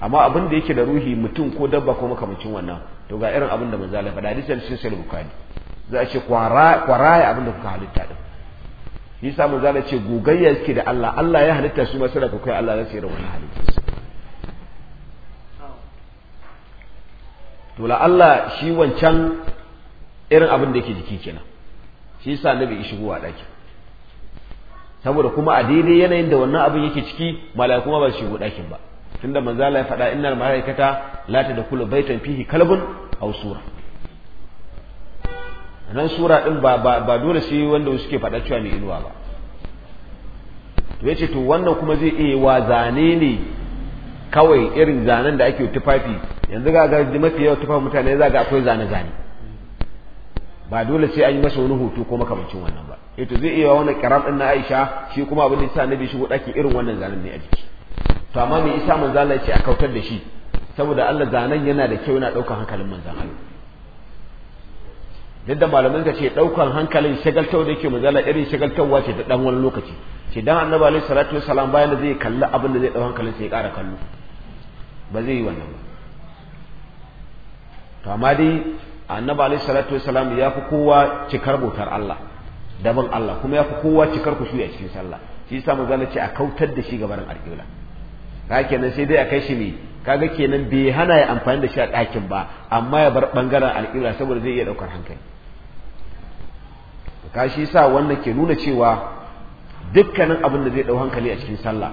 amma abin da yake da ruhi mutum ko dabba ko makamancin wannan to ga irin abin da manzo Allah faɗa hadisin sai sai bukhari za a ce kwaraya abin da kuka halitta din shi sa manzo Allah ce gogayya yake da Allah Allah ya halitta su ma sai da kai Allah ya da wannan halittarsa to la Allah shi wancan irin abin da yake jiki kenan shi yasa annabi ya shigo a ɗakin saboda kuma a daidai yanayin da wannan abin yake ciki mala'iku ma ba su shigo ɗakin ba tunda manzo Allah ya faɗa innal malaikata la tadkhulu baitan fihi kalbun aw sura nan sura din ba ba dole sai wanda suke faɗa cewa ne inuwa ba to yace to wannan kuma zai iya wa zane ne kawai irin zanen da ake tufafi yanzu ga ga mafi yawa tufafin mutane za ga akwai zane zane ba dole sai an yi masa wani hoto ko makamancin wannan ba eh to zai iya wani karam din na Aisha shi kuma abin da yasa nabi shi daki irin wannan zanen ne a jiki to amma me isa manzo Allah ya ce a kautar da shi saboda Allah zanen yana da kyau yana daukar hankalin manzon Allah yadda malaman ka ce daukar hankalin shagaltar da yake Allah irin shagaltarwa ce da dan wani lokaci ce dan annabi alaihi salatu wassalam bayan da zai kalli abin da zai dauka hankalin sai ya ƙara kallo ba zai yi wannan ba to amma dai annabi alayhi salatu wasalam ya fi kowa cikar bautar Allah daban Allah kuma ya fi kowa cikar ku a cikin sallah shi yasa mu Allah ce a kautar da shi barin alƙibla ka kenan sai dai a kai shi ne kaga kenan bai hana ya amfani da shi a ɗakin ba amma ya bar bangaren alƙibla saboda zai iya ɗaukar hankali ka shi yasa wannan ke nuna cewa dukkanin abin da zai ɗau hankali a cikin sallah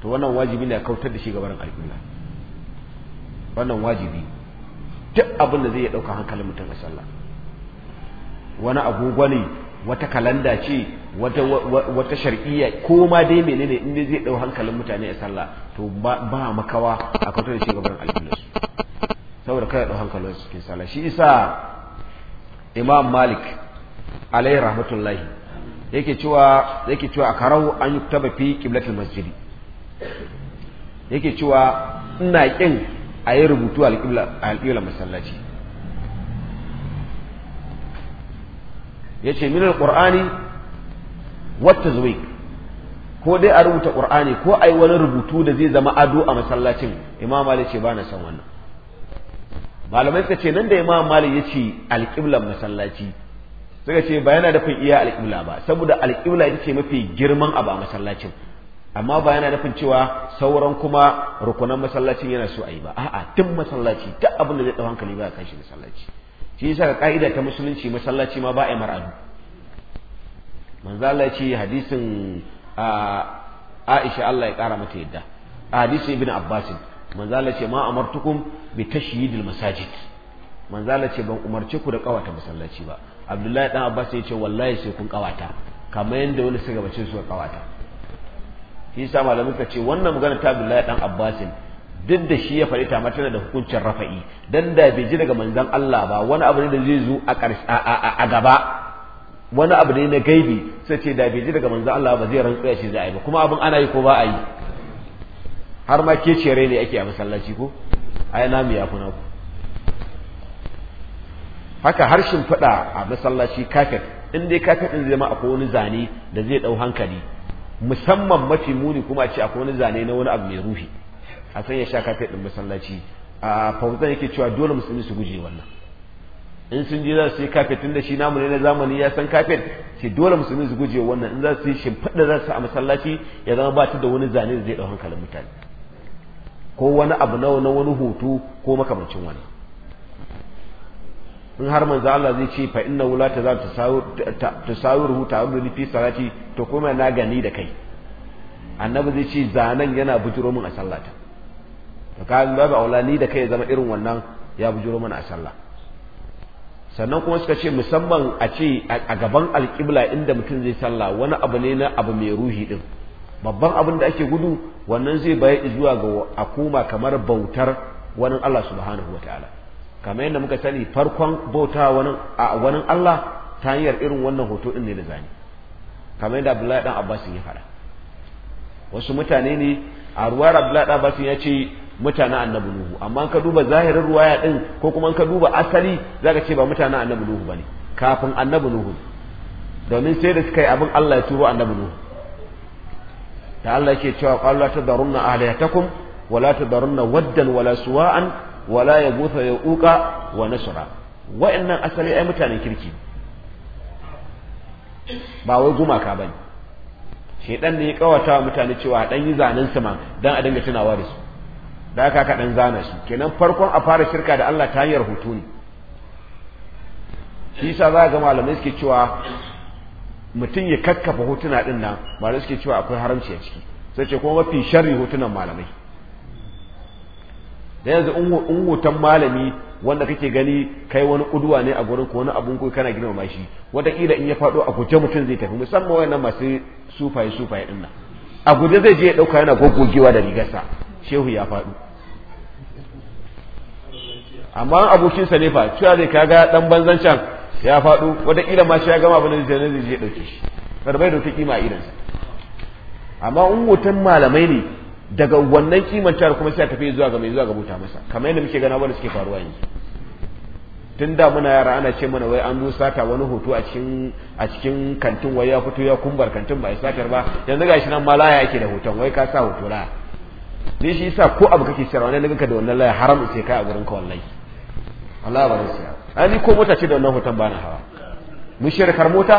to wannan wajibi ne a kautar da shi barin alƙibla wannan wajibi duk abin da zai iya ɗauka hankalin mutum a sallah wani agogo ne wata kalanda ce wata wata ko ma dai ne in zai ɗau hankalin mutane a sallah to ba makawa a kwato da shugaban aljihunsu saboda kada ɗau hankalin cikin sallah shi isa imam malik alayhi rahmatullahi yake cewa yake cewa a karau an yi taba fi qiblatil masjidi yake cewa ina kin a yi rubutu a alƙiblar masallaci ya ce minar ƙur'ani wata zuwi ko dai a rubuta ƙur'ani ko a yi wani rubutu da zai zama ado a masallacin imam malik ce ba na san wannan malamai suka ce nan da imam malik ya ce alƙiblar masallaci suka ce ba yana dafin iya alƙibla ba saboda alƙibla ita ce mafi girman abu a masallacin amma ba yana nufin cewa sauran kuma rukunan masallacin yana so a yi ba a'a tun masallaci duk abin da zai ɗau hankali ba a kai shi masallaci shi yasa ga ka'ida ta musulunci masallaci ma ba a yi mar'adu manzo Allah ce hadisin Aisha Allah ya kara mata yadda a hadisin Ibn Abbas manzo Allah ce ma amartukum bi tashyidil masajid manzo Allah ce ban umarce ku da kawata masallaci ba Abdullahi dan Abbas ya ce wallahi sai kun kawata kamar yadda wani suka su suka kawata shi yasa malamai ka ce wannan magana ta Abdullahi dan Abbasin duk da shi ya faɗi ta tana da hukuncin rafa'i dan da bai ji daga manzon Allah ba wani abu ne da zai zo a a gaba wani abu ne na gaibi sai ce da bai ji daga manzon Allah ba zai rantsu ce za zai yi ba kuma abin ana yi ko ba a yi har ma ke ce ne ake a masallaci ko ai na mu kuna ku haka harshen faɗa a masallaci kafet in dai kafet din zai ma akwai wani zane da zai ɗau hankali musamman mafi muni kuma a ce akwai wani zane na wani abu mai ruhi a sanya sha kafet din masallaci a fahimtar yake cewa dole musulmi su guje wannan in sun je za su yi kafet tun da shi namu ne na zamani ya san kafet ce dole musulmi su guje wannan in za su yi shimfiɗa za su a masallaci ya zama ba ta da wani zane da zai ɗau hankalin mutane ko wani abu na wani hoto ko makamancin wannan in har manzo Allah zai ce fa inna wula ta za ta tasawiru ni fi salati to kuma na gani da kai annabi zai ce zanen yana bujuro min a sallata to ka babu aula ni da kai ya zama irin wannan ya bujuro min a sallah sannan kuma suka ce musamman a ce a gaban alƙibla inda mutum zai sallah wani abu ne na abu mai ruhi din babban abin da ake gudu wannan zai bayar zuwa ga a koma kamar bautar wani Allah subhanahu wataala kama yadda muka sani farkon bauta a wani Allah ta hanyar irin wannan hoto din ne da zani yadda Abdullahi dan Abbas ya faɗa wasu mutane ne a ruwar Abdullahi dan Abbas ya ce mutanen annabi Nuhu amma ka duba zahirin ruwaya din ko kuma ka duba asali zaka ce ba mutanen annabi Nuhu ne kafin annabi Nuhu domin sai da suka yi abin Allah ya turo annabi Nuhu da Allah yake cewa ta tadarunna ahliyatakum wala ta tadarunna waddan wala suwa'an wala ya gusa ya uka wa nasra wa'annan asali ai mutanen kirki ba wai gumaka bane shedan ne ya kawata wa mutane cewa dan yi zanen su ma dan a dinga tunawa da su da haka ka dan zana shi kenan farkon a fara shirka da Allah ta hanyar hutu ne shi yasa za ga malamai suke cewa mutum ya kakkafa hotuna din nan malamai suke cewa akwai haramci a ciki sai ce kuma mafi sharri hotunan malamai da yanzu in wutan malami wanda kake gani kai wani kuduwa ne a gurin ko wani abun ko kana girmama shi kila in ya faɗo a guje mutum zai tafi musamman wayannan masu sufaye sufaye ɗin nan a guje zai je ya ɗauka yana gogogewa da rigarsa shehu ya faɗo amma abokinsa ne fa cewa zai kaga dan banzan can ya faɗo kila ma shi ya gama abin da zai je ya ɗauke shi bai da kima a sa amma in malamai ne daga wannan kimancewar kuma sai tafi zuwa ga mai zuwa ga buta masa kamar yadda muke gana wanda suke faruwa yanzu tun da muna yara ana ce mana wai an zo sata wani hoto a cikin a cikin kantin wai ya fito ya kumbar kantin ba ya satar ba yanzu gashi nan ma laya yake da hoton wai ka sa hoto la. ne shi yasa ko abu kake sayarwa ne daga da wannan laya haram sai kai a gurin ka wallahi Allah ba siya an ni ko mota ce da wannan hoton ba na hawa mushrikar mota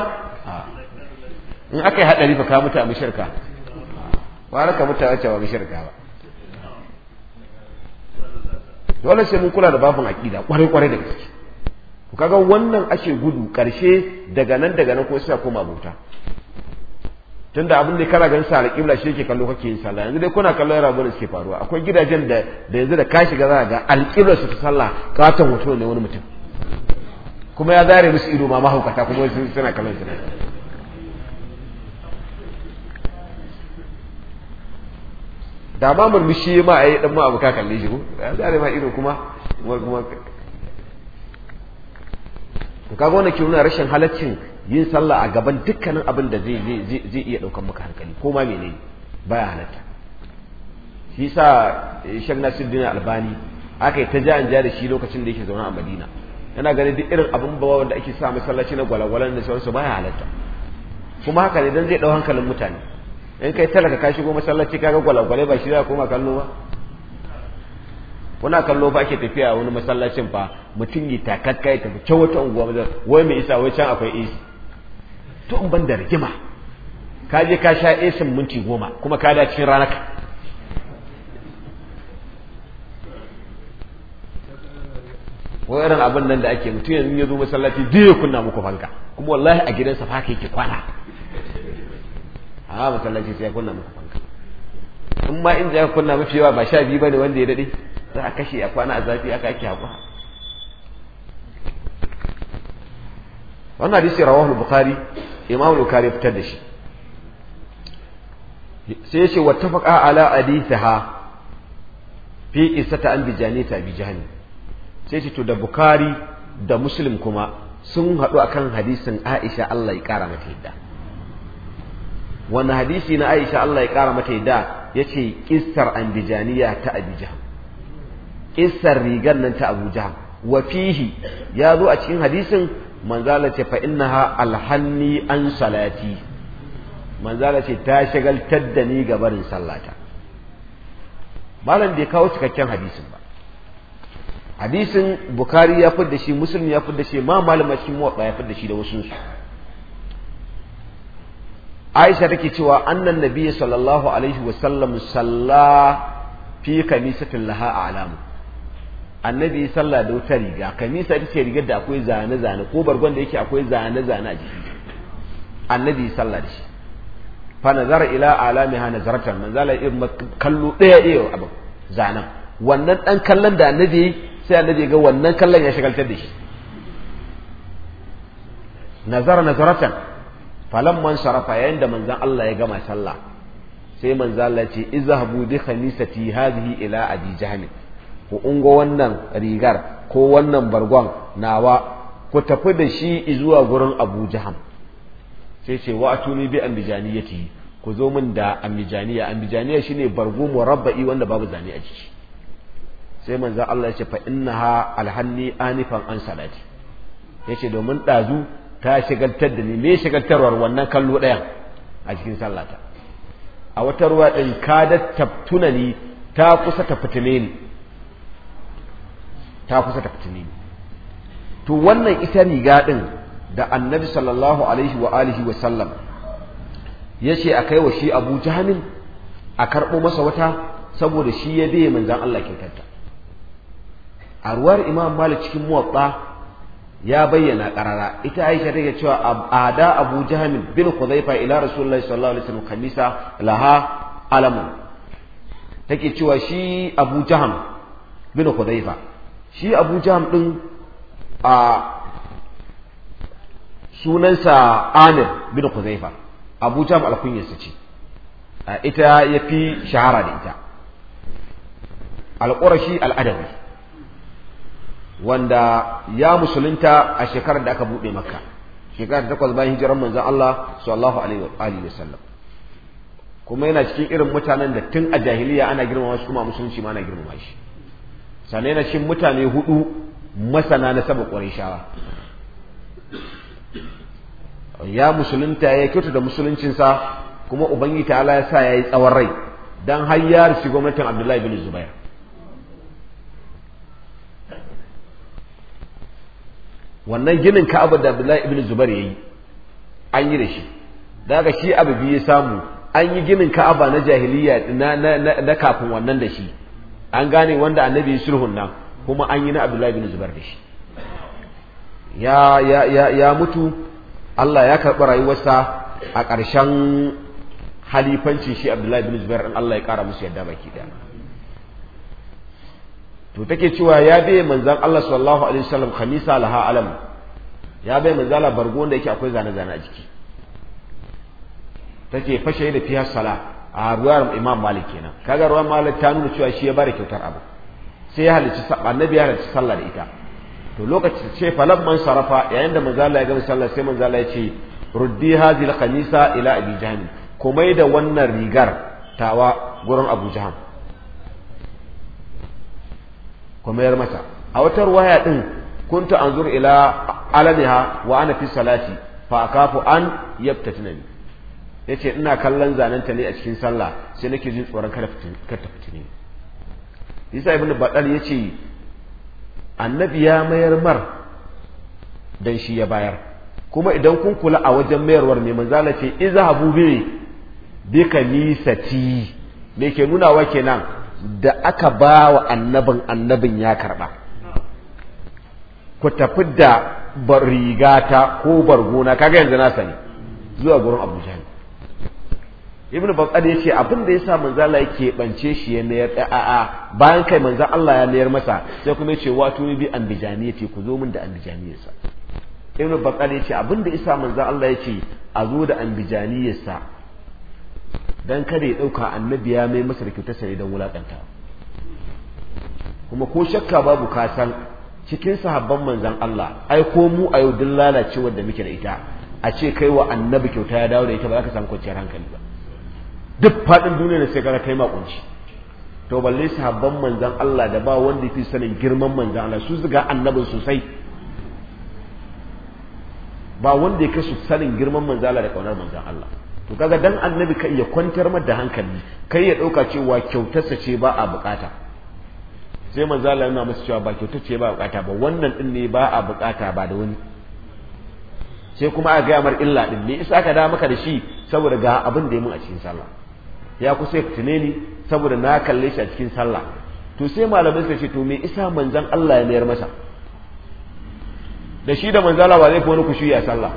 in aka yi hadari fa ka mutu a mushrika fara ka mutane cewa mashirka ba dole sai mun kula da babin aqida kwarai kwarai da gaske Ku kaga wannan ashe gudu karshe daga nan daga nan ko sai koma bauta tunda abin da kana ganin sa alƙibla shi yake kallo kake yin sallah yanzu dai kuna yara rabuwar suke faruwa akwai gidajen da da yanzu da ka shiga za ga alƙibla su ta sallah katon hoto ne wani mutum kuma ya zare musu ido ma mahaukata kuma suna kallon su da ma murmushi ma a yi dan ma abu ka kalle shi ko ma ido kuma kuma to kaga wannan ke nuna rashin halaccin yin sallah a gaban dukkanin abin da zai zai iya ɗaukan maka hankali ko ma menene baya halatta shi sa nasir eh, Nasiruddin Albani aka yi ta ja an ja da shi lokacin da yake zaune a Madina yana ganin duk irin abin bawa wanda ake sa masallaci na gwalagwalan da sauransu baya halatta kuma haka ne dan zai dau hankalin mutane in kai talaka ka shigo masallaci kaga gwalagwale ba shi za koma kallo ba kuna kallo fa ake tafiya wani masallacin fa mutum yi takakka ya tafi can wata unguwa maza wai mai isa wai can akwai isi to in ban da rigima ka je ka sha isin minti goma kuma ka da cikin ranaka wai irin abin nan da ake mutum yanzu ya zo masallaci zai kunna muku fanka kuma wallahi a gidansa fa ka yake kwana a masallaci sai ya kunna maka fanka in ma inda ya kunna mafi yawa ba sha biyu bane wanda ya dade za a kashe a kwana a zafi aka ake haƙura wannan hadisi rawahu bukhari imam bukhari fitar da shi sai ya ce wattafaqa ala hadithaha fi isata an bijani ta bijani sai ce to da bukhari da muslim kuma sun haɗu akan hadisin aisha Allah ya kara mata yadda wani hadisi na Aisha Allah ya kara mata da ce kissar ambijaniya ta Abuja rigar nan ta Abuja wa fihi ya zo a cikin hadisin manzala ce fa ha alhanni an salati manzala ce ta shagaltar da ni ga barin sallata malam bai kawo cikakken hadisin ba hadisin bukari ya fidda shi Musulmi ya fidda shi ma malama shi ya fidda shi da wasu aisha take cewa annan nabiyyi sallallahu alaihi wa sallam salla fi kamisatin laha alamu annabi sallah da wata riga kamisa ita ce rigar da akwai zane zane ko bargon da yake akwai zane zane a jiki annabi sallah da shi fa nazara ila ha nazaratan zala irin kallo daya daya abin zanen wannan dan kallon da annabi sai annabi ga wannan kallon ya shagaltar da shi nazara nazaratan falan man sharafa yayin da manzon Allah ya gama sallah sai manzon Allah ce izhabu bi khamisati hadhihi ila abi jahl ku ungo wannan rigar ko wannan bargon nawa ku tafi da shi zuwa gurin Abu Jaham sai ce wa atuni bi ambijaniyati ku zo min da amijaniya ambijaniya shine bargo murabba'i wanda babu zane a ciki sai manzo Allah ya ce fa innaha alhanni anifan an salati yace domin dazu ta shigaltar da ni me shigaltarwar wannan kallo ɗayan a cikin sallata a wata ruwa ɗin kadat tabtuna ni ta kusa ta fitine ni ta kusa ta fitine ni to wannan ita riga ɗin da annabi sallallahu alaihi wa alihi wa sallam ya ce a kai wa shi abu jahannin a karɓo masa wata saboda shi ya biye manzan Allah ta, a ruwar imam malik cikin muwaɓɓa ya bayyana karara ita aisha take cewa ada abu jahmin bin Kuzaifa ila rasulullahi sallallahu alaihi wasallam kamisa laha alamun take cewa shi abu jaham bin Kuzaifa. shi abu jaham din a sunansa amir bin Kuzaifa abu jaham alkunyarsa ce ita yafi shahara da ita alqurashi al'adawi wanda ya musulunta a shekarar da aka buɗe maka shekarar takwas bayan hijirar manzon Allah sallallahu alaihi wa sallam kuma yana cikin irin mutanen da tun a jahiliya ana girmama shi kuma musulunci ma ana girmama shi sannan yana cikin mutane hudu masana na saba shawa. ya musulunta ya kyauta da musuluncinsa kuma ubangiji ta ya sa ya yi tsawon rai dan har ya gwamnatin Abdullahi bin Zubair wannan ginin ka'aba da abdullahi ibn zubair yayi an yi da shi daga shi abu biyu ya samu an yi ginin ka'aba na jahiliya na kafin wannan da shi an gane wanda annabi ya sulhun nan kuma an yi na abdullahi ibn zubair da shi ya mutu Allah ya karɓi rayuwarsa a ƙarshen halifancin shi Abdullahi ibn Zubair in Allah ya ƙara musu yadda baki ɗaya to take cewa ya bai manzan Allah sallallahu alaihi wasallam khamisa laha alam ya bai manzan Allah bargo wanda yake akwai zane zane a jiki take fashe da fiya sala a ruwar Imam Malik kenan kaga ruwar Malik ta nuna cewa shi ya bada kyautar abu sai ya halicci annabi ya halicci sallah da ita to lokacin ce falan man sarafa yayin da manzan Allah ya gama sallah sai manzan Allah ya ce ruddi hadhihi khamisa ila abi jahm komai da wannan rigar tawa gurin Abu Jaham ku mayar mata a wata ruwaya din kuntu anzur ila alamiha wa ana fi salati fa akafu an yaftatinani yace ina kallon zanen ta ne a cikin sallah sai nake jin tsoron kada kar ta fitine Isa ibn Badal yace annabi ya mayar mar dan shi ya bayar kuma idan kun kula a wajen mayarwar ne manzala ce izhabu bi bi kamisati me ke nuna nunawa kenan da aka ba wa annabin annabin ya karɓa ku tafi da rigata ko bargona kaga yanzu na sani zuwa gurin abu jahil ibnu bakar yace abin da yasa manzo Allah yake bance shi ya nayar a'a bayan kai manzo Allah ya nayar masa sai kuma yace wato ni bi anbijaniyati ku zo min da anbijaniyarsa ibnu bakar yace abin da yasa manzo Allah yace a zo da anbijaniyarsa dan kada ya dauka annabi ya mai masa rikita sai dan wulakanta kuma ko shakka babu kasan cikin sahabban manzan Allah ai ko mu a yau din lalacewar da muke da ita a ce kai wa annabi kyauta ya dawo da ita ba za ka samu kwanciyar hankali ba duk faɗin duniya da sai kaga kai makunci to balle sahabban manzan Allah da ba wanda fi sanin girman manzan Allah su zuga annabin sosai ba wanda ya sanin girman manzan Allah da kaunar manzan Allah to kaga dan annabi kai ya kwantar mar da hankali kai ya dauka cewa kyautarsa ce ba a bukata sai manzo Allah yana musu cewa ba kyauta ce ba a bukata ba wannan din ne ba a bukata ba da wani sai kuma a gaya mar illa din ne? isa ka da maka da shi saboda ga abin da ya mun a cikin sallah ya kusa ya ne ni saboda na kalle shi a cikin sallah to sai malamin suka ce to me isa manzon Allah ya mayar masa da shi da manzala ba zai fi wani kushi a sallah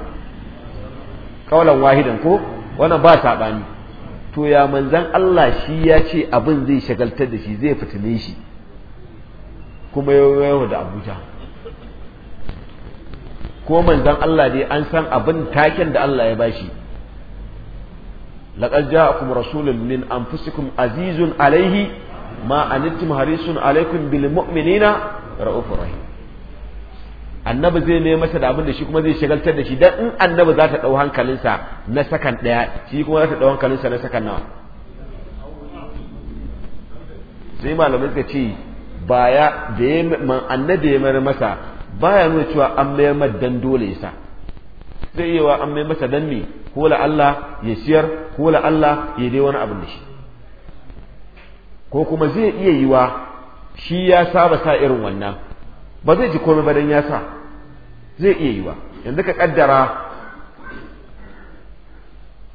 kawalan wahidan ko wannan ba saɓani to ya manzan Allah shi ya ce abin zai shagaltar da shi zai fitine shi kuma yawa da Abuja ko manzan Allah dai an san abin taken da Allah ya bashi laqad ja'akum rasulun min anfusikum azizun alaihi ma anittum harisun alaikum bil mu'minina ra'ufur rahim annabi zai ne masa da abin da shi kuma zai shagaltar da shi dan in annabi za ta dau hankalinsa na sakan daya shi kuma za ta dau hankalinsa na sakan nawa sai malamai ka ce baya da ya annabi ya mayar masa baya nuna cewa an mayar masa dan dole yasa zai yi wa an mayar masa dan ne ko la Allah ya siyar ko la Allah ya dai wani abin da shi ko kuma zai iya yiwa shi ya saba sa irin wannan ba zai ji komai ba dan ya sa zai iya yiwa yanzu ka kaddara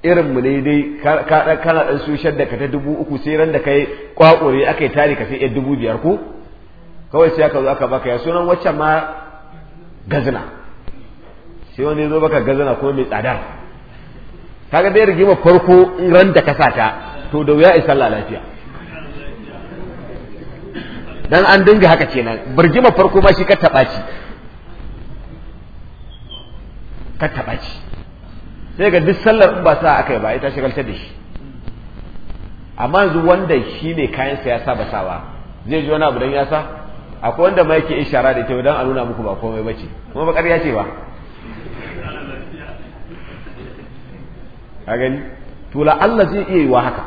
irin mu ne dai kana dan so da ka ta dubu uku sai ran da kai kwakure aka yi tari ka sai yar dubu biyar ko kawai sai aka zo aka baka ya sunan wacce ma gazna sai wani zo baka gazna ko mai tsadar kaga dai rigima farko in ran da ka sata to da wuya isa lafiya dan an dinga haka kenan birgima farko ma shi ka taba shi ta taɓa sai ga duk sallar in ba sa aka yi ba ita shagaltar da shi amma yanzu wanda shi ne kayan sa ya saba sawa zai ji wani abu dan ya sa akwai wanda ma yake ishara da ita dan a nuna muku ba komai bace kuma ba ƙarya ce ba a gani to la Allah zai iya yi wa haka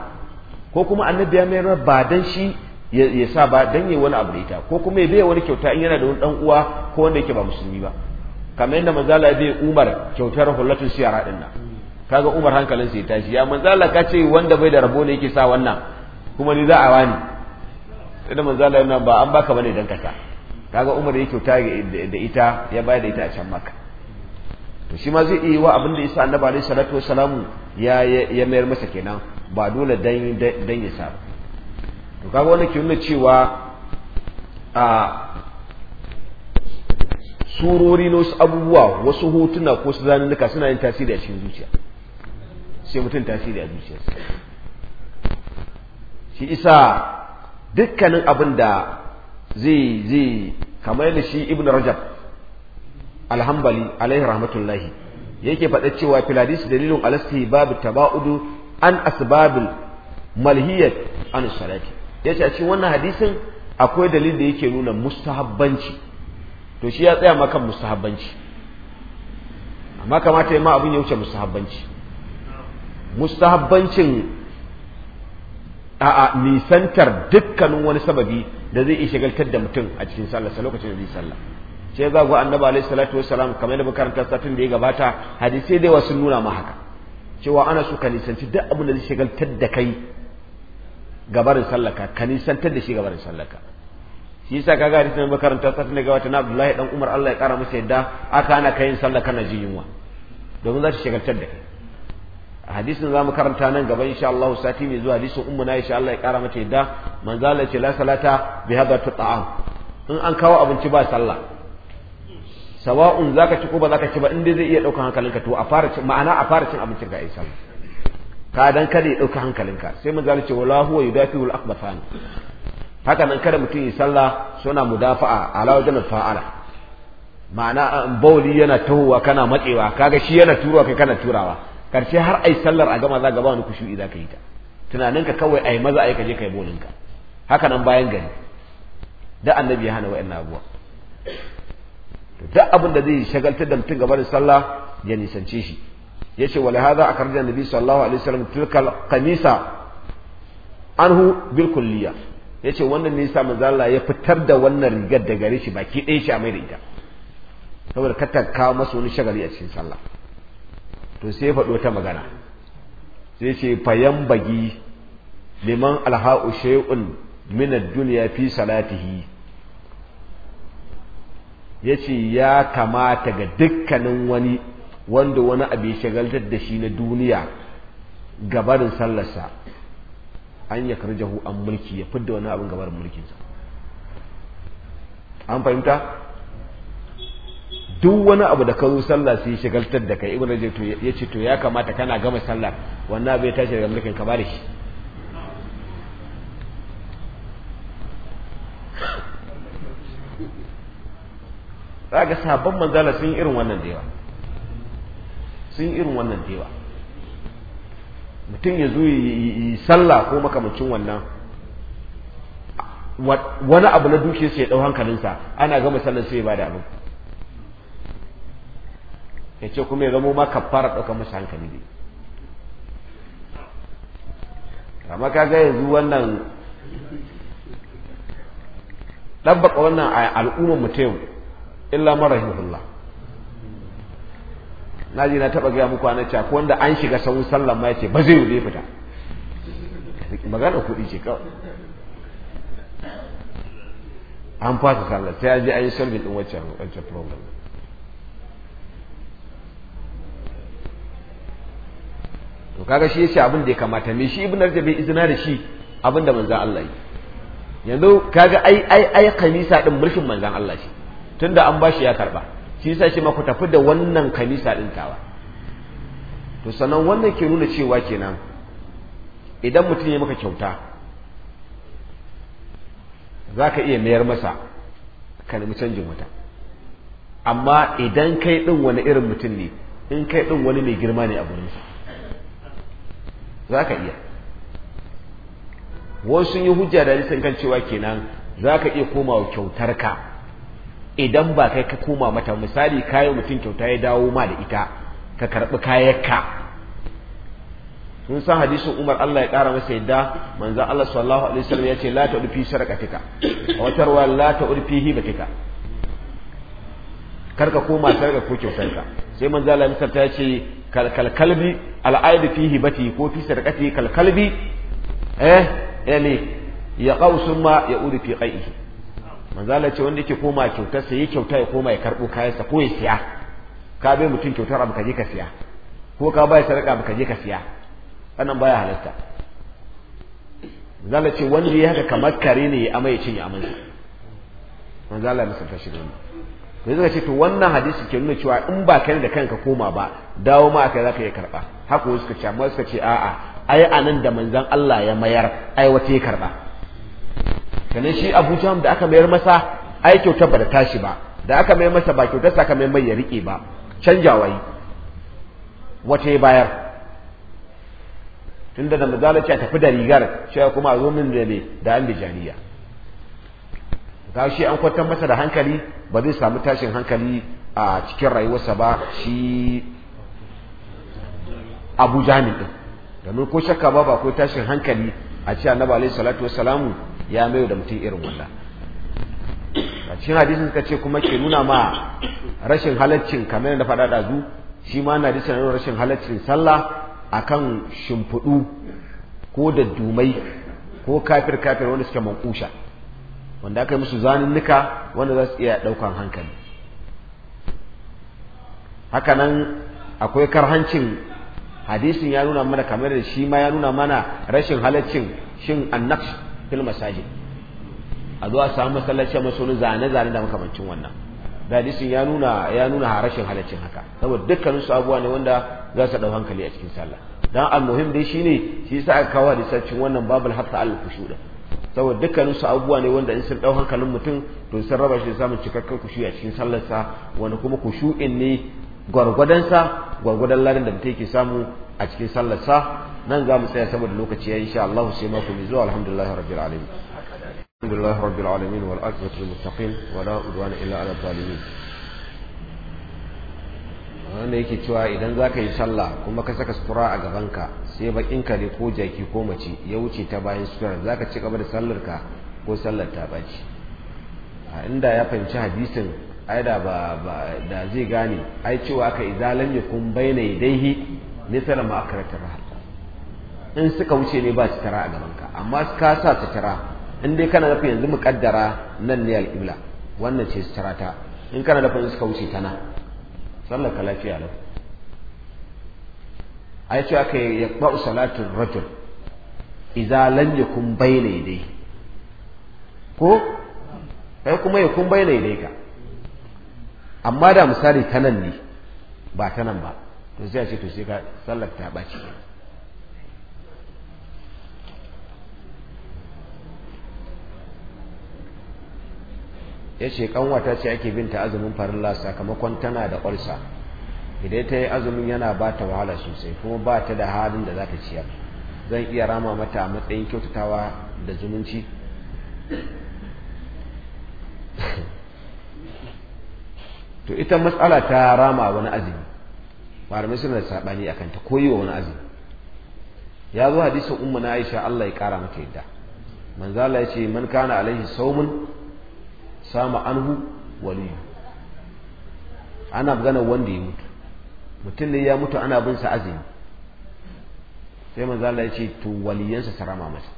ko kuma annabi ya mayar ba dan shi ya sa ba dan yayi wani abu da ita ko kuma ya bai wani kyauta in yana da wani dan uwa ko wanda yake ba musulmi ba kamar yadda manzala bai umar kyautar hulatun siyara din nan kaga umar hankalin sai tashi ya manzala ka ce wanda bai da rabo ne yake sa wannan kuma ni za a wani sai da manzala yana ba an baka bane dan kasa kaga umar ya kyauta da ita ya bayar da ita a can maka to shi ma zai iya wa abin da isa annabi alaihi salatu wassalamu ya ya mayar masa kenan ba dole dan dan ya sa to kaga wannan ke nuna cewa a surori na wasu abubuwa wasu hotuna ko su zanunnuka suna yin tasiri a cikin zuciya sai mutum tasiri a zuciya shi isa dukkanin abin da zai zai kamar da shi ibn rajab alhambali alaihi rahmatullahi yake faɗa cewa filadis dalilin alasti babu taba'udu an asbabul malhiyat an salati yace a cikin wannan hadisin akwai dalil da yake nuna mustahabbanci to shi ya tsaya ma kan mustahabbanci amma kamata ya ma abin ya wuce mustahabbanci mustahabbancin a'a nisantar dukkanin wani sababi da zai iya shagaltar da mutum a cikin sallah lokacin da zai sallah sai za ku annabi alaihi salatu wassalam kamar da makaranta satin da ya gabata hadisi dai wasu nuna ma haka cewa ana so ka nisanci duk abin da zai shagaltar da kai gabarin sallaka ka nisantar da shi gabarin sallaka shi yasa kaga hadisin makaranta satin da gabata na Abdullahi dan Umar Allah ya kara masa yadda aka ana kai sallah kana ji yunwa domin za ta shagaltar da kai hadisin zamu karanta nan gaba insha Allah sati mai zuwa hadisin ummu na insha Allah ya kara mata yadda manzo Allah ce la salata bi hadha ta'am in an kawo abinci ba sallah sawa'un zaka ci ko ba zaka ci ba inda zai iya daukar hankalinka to a fara cin ma'ana a fara cin abincin ka ai sallah ka dan kada ya dauka hankalinka sai manzo Allah ce wala huwa yudafiul akbathan haka nan kada mutum yi sallah suna mudafa'a a wajen fa'ala ma'ana um, bauli yana tahowa kana matsewa kaga shi yana turowa kai kana turawa karshe har ai sallar a gama za gaba wani kushu'i za ka yi ta tunaninka kawai ai maza ai ka je kai bolinka haka nan bayan gari da annabi ya hana wa'annan abuwa. duk abin da zai shagaltar da mutum gaba da sallah ya nisance shi yace wala hadha akarja annabi sallallahu alaihi wasallam tilkal qamisa anhu bil kulliyah yace wannan nisa yasa ya fitar da wannan rigar da gare shi baki ɗaya shi a mai da ita saboda kata kawo masu wani shagali a cikin sallah to sai faɗo ta magana sai ce fayan bagi liman alha'u shay'un min ad-dunya fi salatihi yace ya kamata ga dukkanin wani wanda wani abu ya shagaltar da shi na duniya gabarin sallarsa an ya karjahu an mulki ya fidda wani abin gabar mulkinsa an fahimta duk wani abu da ka zo sallah sai ya shagaltar da kai ibn rajab ya ce to ya kamata kana gama sallah wannan abu ya tashi daga mulkin ka bare shi zaka sabon manzala sun irin wannan da yawa sun irin wannan da yawa mutum ya zo yi sallah ko makamacin wannan wani abu na duke sai ya ɗau hankalinsa ana gama sallar sai ya bada abin ya ce kuma ya zamo ma fara ɗaukar masa hankali ne amma kaga yanzu wannan ɗabbaka wannan a al'ummar mu ta yau illa marahimullah na je na taba gaya muku anan cewa wanda an shiga sahun sallan ma yace ba zai yi fita magana kuɗi ce kawai an fasa sallar sai an je an yi sallar din waccan waccan program to kaga shi yace abin da ya kamata me shi ibn arjabi bai izina da shi abin da manzon Allah yi yanzu kaga ai ai ai kamisa din mulkin manzon Allah shi tunda an bashi ya karba shi yasa ce ku tafi da wannan kanisa din tawa to sannan wannan ke nuna cewa kenan idan mutum ya maka kyauta za ka iya mayar masa kan nemi canjin wata amma idan kai ɗin wani irin mutum ne in kai ɗin wani mai girma ne a su, za ka iya wasu yi hujja da nisan kan cewa kenan za ka iya komawa kyautarka idan ba kai ka koma mata misali kayan mutum kyauta ya dawo ma da ita ka karɓi kayanka sun san hadisin Umar Allah ya ƙara masa yadda manzo Allah sallallahu alaihi wasallam ya ce la ta'udfi sarqatika a wata ruwa la ta'udfi hibatika karka koma sarka ko kyautarka sai manzo Allah ya ta ce kal kalbi al aid fi hibati ko fi sarqati kal kalbi eh ne. ya qausun ma ya uri fi qaihi manzala ce wanda yake koma kyautar sa yake kyauta ya koma ya karbo kayansa ko ya siya ka bai mutum kyautar abu ka je ka siya ko ka bai sarƙa abu ka je ka siya wannan baya halatta manzala ce wanda ya haka kamar kare ne ya amai ya cinye amansa manzala ya musanta shi da wannan to zaka ce to wannan hadisi ke nuna cewa in ba kai da kanka koma ba dawo ma akai zaka iya karba haka wasu suka ce amma suka ce a'a ai anan da manzon Allah ya mayar ai wata ya karba sannan shi Abuja da aka mayar masa ai kyautar ba da tashi ba da aka mayar masa ba kyautar sa ka mai mai ya rike ba canja wai wata ya bayar tunda da mazala ce a tafi da rigar cewa kuma zo min da ne da an bijaniya ga shi an kwantar masa da hankali ba zai samu tashin hankali a cikin rayuwarsa ba shi abu jami domin ko shakka ba ba ko tashin hankali a ce annabi alaihi salatu salamu. ya mayo da mutum irin wannan a cikin hadisin suka ce kuma ke nuna ma rashin halaccin kamar da faɗa ɗazu shi ma na disa nuna rashin halaccin sallah kan shimfiɗu ko da dumai ko kafir kafir wanda suke mankusha wanda aka yi musu zanunnuka wanda za su iya ɗaukan hankali hakanan akwai karhancin hadisin ya nuna mana kamar da shi ma ya nuna mana rashin halaccin shin annaksh fil masajid a zo a samu masallaci masu wani zane-zane da makamancin wannan da hadisin ya nuna ya nuna harashin halaccin haka saboda dukkanin su abubuwa ne wanda za su dau hankali a cikin sallah dan almuhim muhim dai shine shi yasa aka kawo hadisin wannan babul hatta al-khushu' saboda dukkanin su abubuwa ne wanda in sun dau hankalin mutum to sun raba shi da samun cikakken kushu a cikin sallarsa wanda kuma kushu'in ne gwargwadonsa gwargwadon larin da mutum yake samu a cikin sallarsa nan za mu tsaya saboda lokaci ya insha Allah sai mako mai zuwa alhamdulillahi rabbil alamin rabbil alamin wal aqibatu lil muttaqin wa la udwana illa ala zalimin wanda yake cewa idan za ka yi sallah kuma ka saka sutura a gabanka sai bakin kare ne ko jaki ko mace ya wuce ta bayan suturar za ka ci gaba da sallarka ko sallar ta baci a inda ya fahimci hadisin ai da ba da zai gane ai cewa aka izalan ya kun bayyana yadaihi Nisan ma akaratar rahata in suka wuce ne ba su tara a gaban ka amma ka sa su tara in dai kana nufin yanzu mu kaddara nan ne al'ibla wannan ce su tara ta in kana nufin in suka wuce ta nan sallar ka lafiya lau ai cewa aka ba salatul rajul izalan ya kun bayyana yadaihi ko kai kuma ya kun bayyana yadaihi ka amma da misali ta nan ne ba ta nan ba to sai a ce to sai ka sallar ta ɓaci ya ce kanwata ce ake bin ta azumin farin lasa sakamakon tana da ƙwarsa idan ta yi azumin yana ba ta wahala sosai kuma ba ta da halin da za ta ciyar zan iya rama mata a matsayin kyautatawa da zumunci to ita matsala ta rama wani azumi malamai suna da sabani akan ta koyi wa wani azumi ya zo hadisin umma na Aisha Allah ya kara mata yadda manzo Allah ya ce man kana alaihi saumun sama anhu waliyu ana magana wanda ya mutu mutum ne ya mutu ana bin sa azumi sai manzo Allah ya ce to waliyansa sarama masa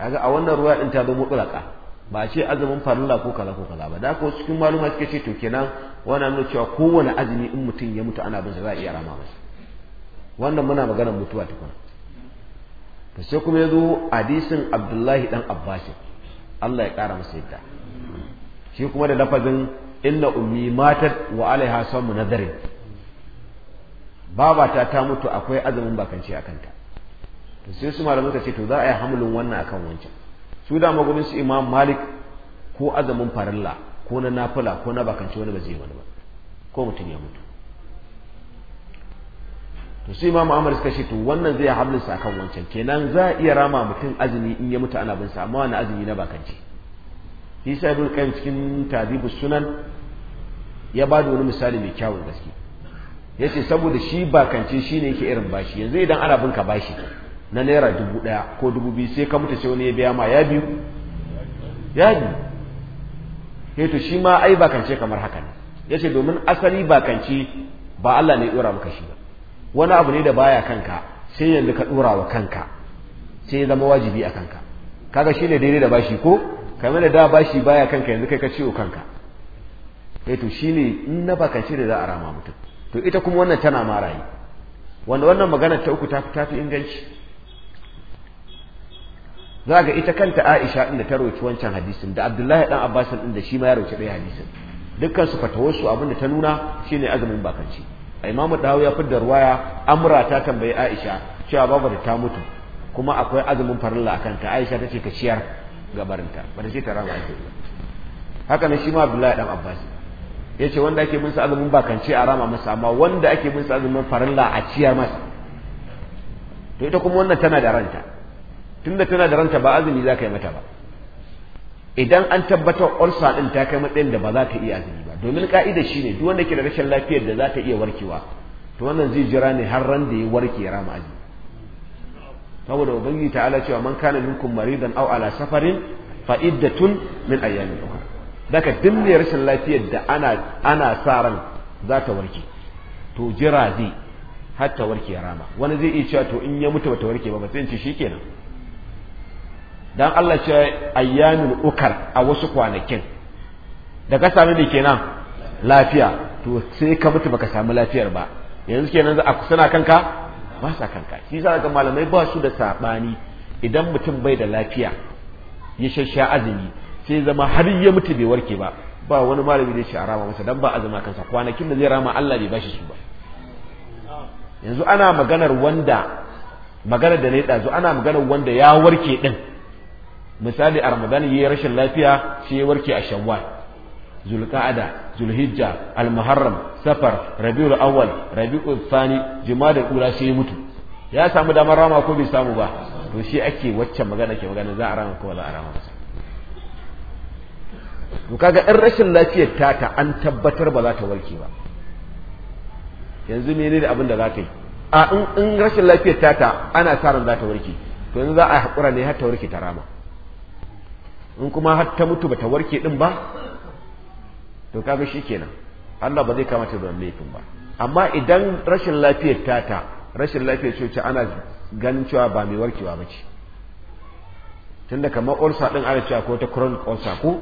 kaga a wannan ruwa din ta zo mutulaka ba ce azumin farilla ko kaza ko kaza ba da ko cikin maluma suke ce to kenan wannan nuna cewa kowane azumi in mutum ya mutu ana bin sa za a iya rama masa wannan muna maganar mutuwa tukuna to sai kuma ya hadisin Abdullahi dan Abbas Allah ya kara masa yadda shi kuma da lafazin inna ummi matat wa alaiha sawmu nadari babata ta mutu akwai azumin bakance akanta to sai su malamin ka ce to za a yi hamulin wannan akan wancan su da magunin su imam malik ko azamin farilla ko na nafila ko na bakance wani ba zai wani ba ko mutum ya mutu to sai imam suka shi to wannan zai hablinsa akan wancan kenan za a iya rama mutum azumi in ya mutu ana bin sa amma wani azumi na bakance Isa ibn Qayyim cikin taribu Sunan ya ba wani misali mai kyawun gaske yace saboda shi bakance shine yake irin bashi yanzu idan ana bin ka bashi na naira dubu ɗaya ko dubu biyu sai ka mutu sai wani ya biya ma ya biyu ya biyu he eh to shi ma ai bakance kamar haka ne ya ce domin asali bakance ba Allah ne ya ɗora maka shi ba wani abu ne da baya kanka sai yanzu ka ɗora wa kanka sai ya zama wajibi a kanka kaga ne daidai da bashi ko kamar da da bashi baya kanka yanzu kai ka ciwo kanka eh to ne in na bakance da za a rama mutum to ita kuma wannan tana marayi wanda wannan magana ta uku ta fi inganci za ga ita kanta Aisha inda ta roci wancan hadisin da Abdullahi dan Abbas din da shi ma ya roci ɗaya hadisin dukkan su fatawarsu abinda ta nuna shine azumin bakanci Imam Dawo ya fidda ruwaya Amra ta tambayi Aisha cewa babu da ta mutu kuma akwai azumin farilla akan ta Aisha tace ka ciyar gabarinta bata ce ta rama ake haka ne shi ma Abdullahi dan Abbas yace wanda ake bin sa azumin bakanci a rama masa amma wanda ake bin sa azumin farilla a ciyar masa to ita kuma wannan tana da ranta tunda tana da ranta ba azumi za ka yi mata ba idan an tabbatar ulsa din ta kai matsayin da ba za ta iya azumi ba domin ka'ida ne duk wanda ke da rashin lafiyar da za ta iya warkewa to wannan zai jira ne har ran da ya warke ya rama azumi saboda ubangiji ta'ala cewa man kana minkum maridan aw ala safarin fa iddatun min ayyamin ukhra daga duk mai rashin lafiyar da ana ana sa ran za ta warke to jira zai har ta warke ya rama wani zai iya cewa to in ya mutu ba ta warke ba ba sai in ce shikenan dan Allah ce ayyamul ukar a wasu kwanakin da ka sami da kenan lafiya to sai ka mutu baka samu lafiyar ba yanzu kenan za a suna kanka ba sa kanka shi yasa ga malamai ba su da sabani idan mutum bai da lafiya ya shashsha azumi sai zama har ya mutu bai warke ba ba wani malami da ya a masa dan ba azuma kansa kwanakin da zai rama Allah bai bashi su ba yanzu ana maganar wanda maganar da na yi ɗazu ana maganar wanda ya warke ɗin misali a ramadan yi rashin lafiya shi ya warke a shawwal zulqa'ada zulhijja almuharram safar rabiul awwal rabiul thani jumada ula shi ya mutu ya samu damar rama ko bai samu ba to shi ake wacce magana ke magana za a rama ko za a rama to kaga in rashin lafiyar tata an tabbatar ba za ta warke ba yanzu ne da abin da za ta yi a in rashin lafiyar tata ana sa ran za ta warke to yanzu za a haƙura ne har ta warke ta rama in kuma har ta mutu bata warke din ba to kaga kenan Allah ba zai kama ta da laifin ba amma idan rashin lafiyar tata rashin lafiyar cewa ana ganin cewa ba mai warkewa ba ce tunda kamar ulcer din ana cewa ko ta chronic ulcer ko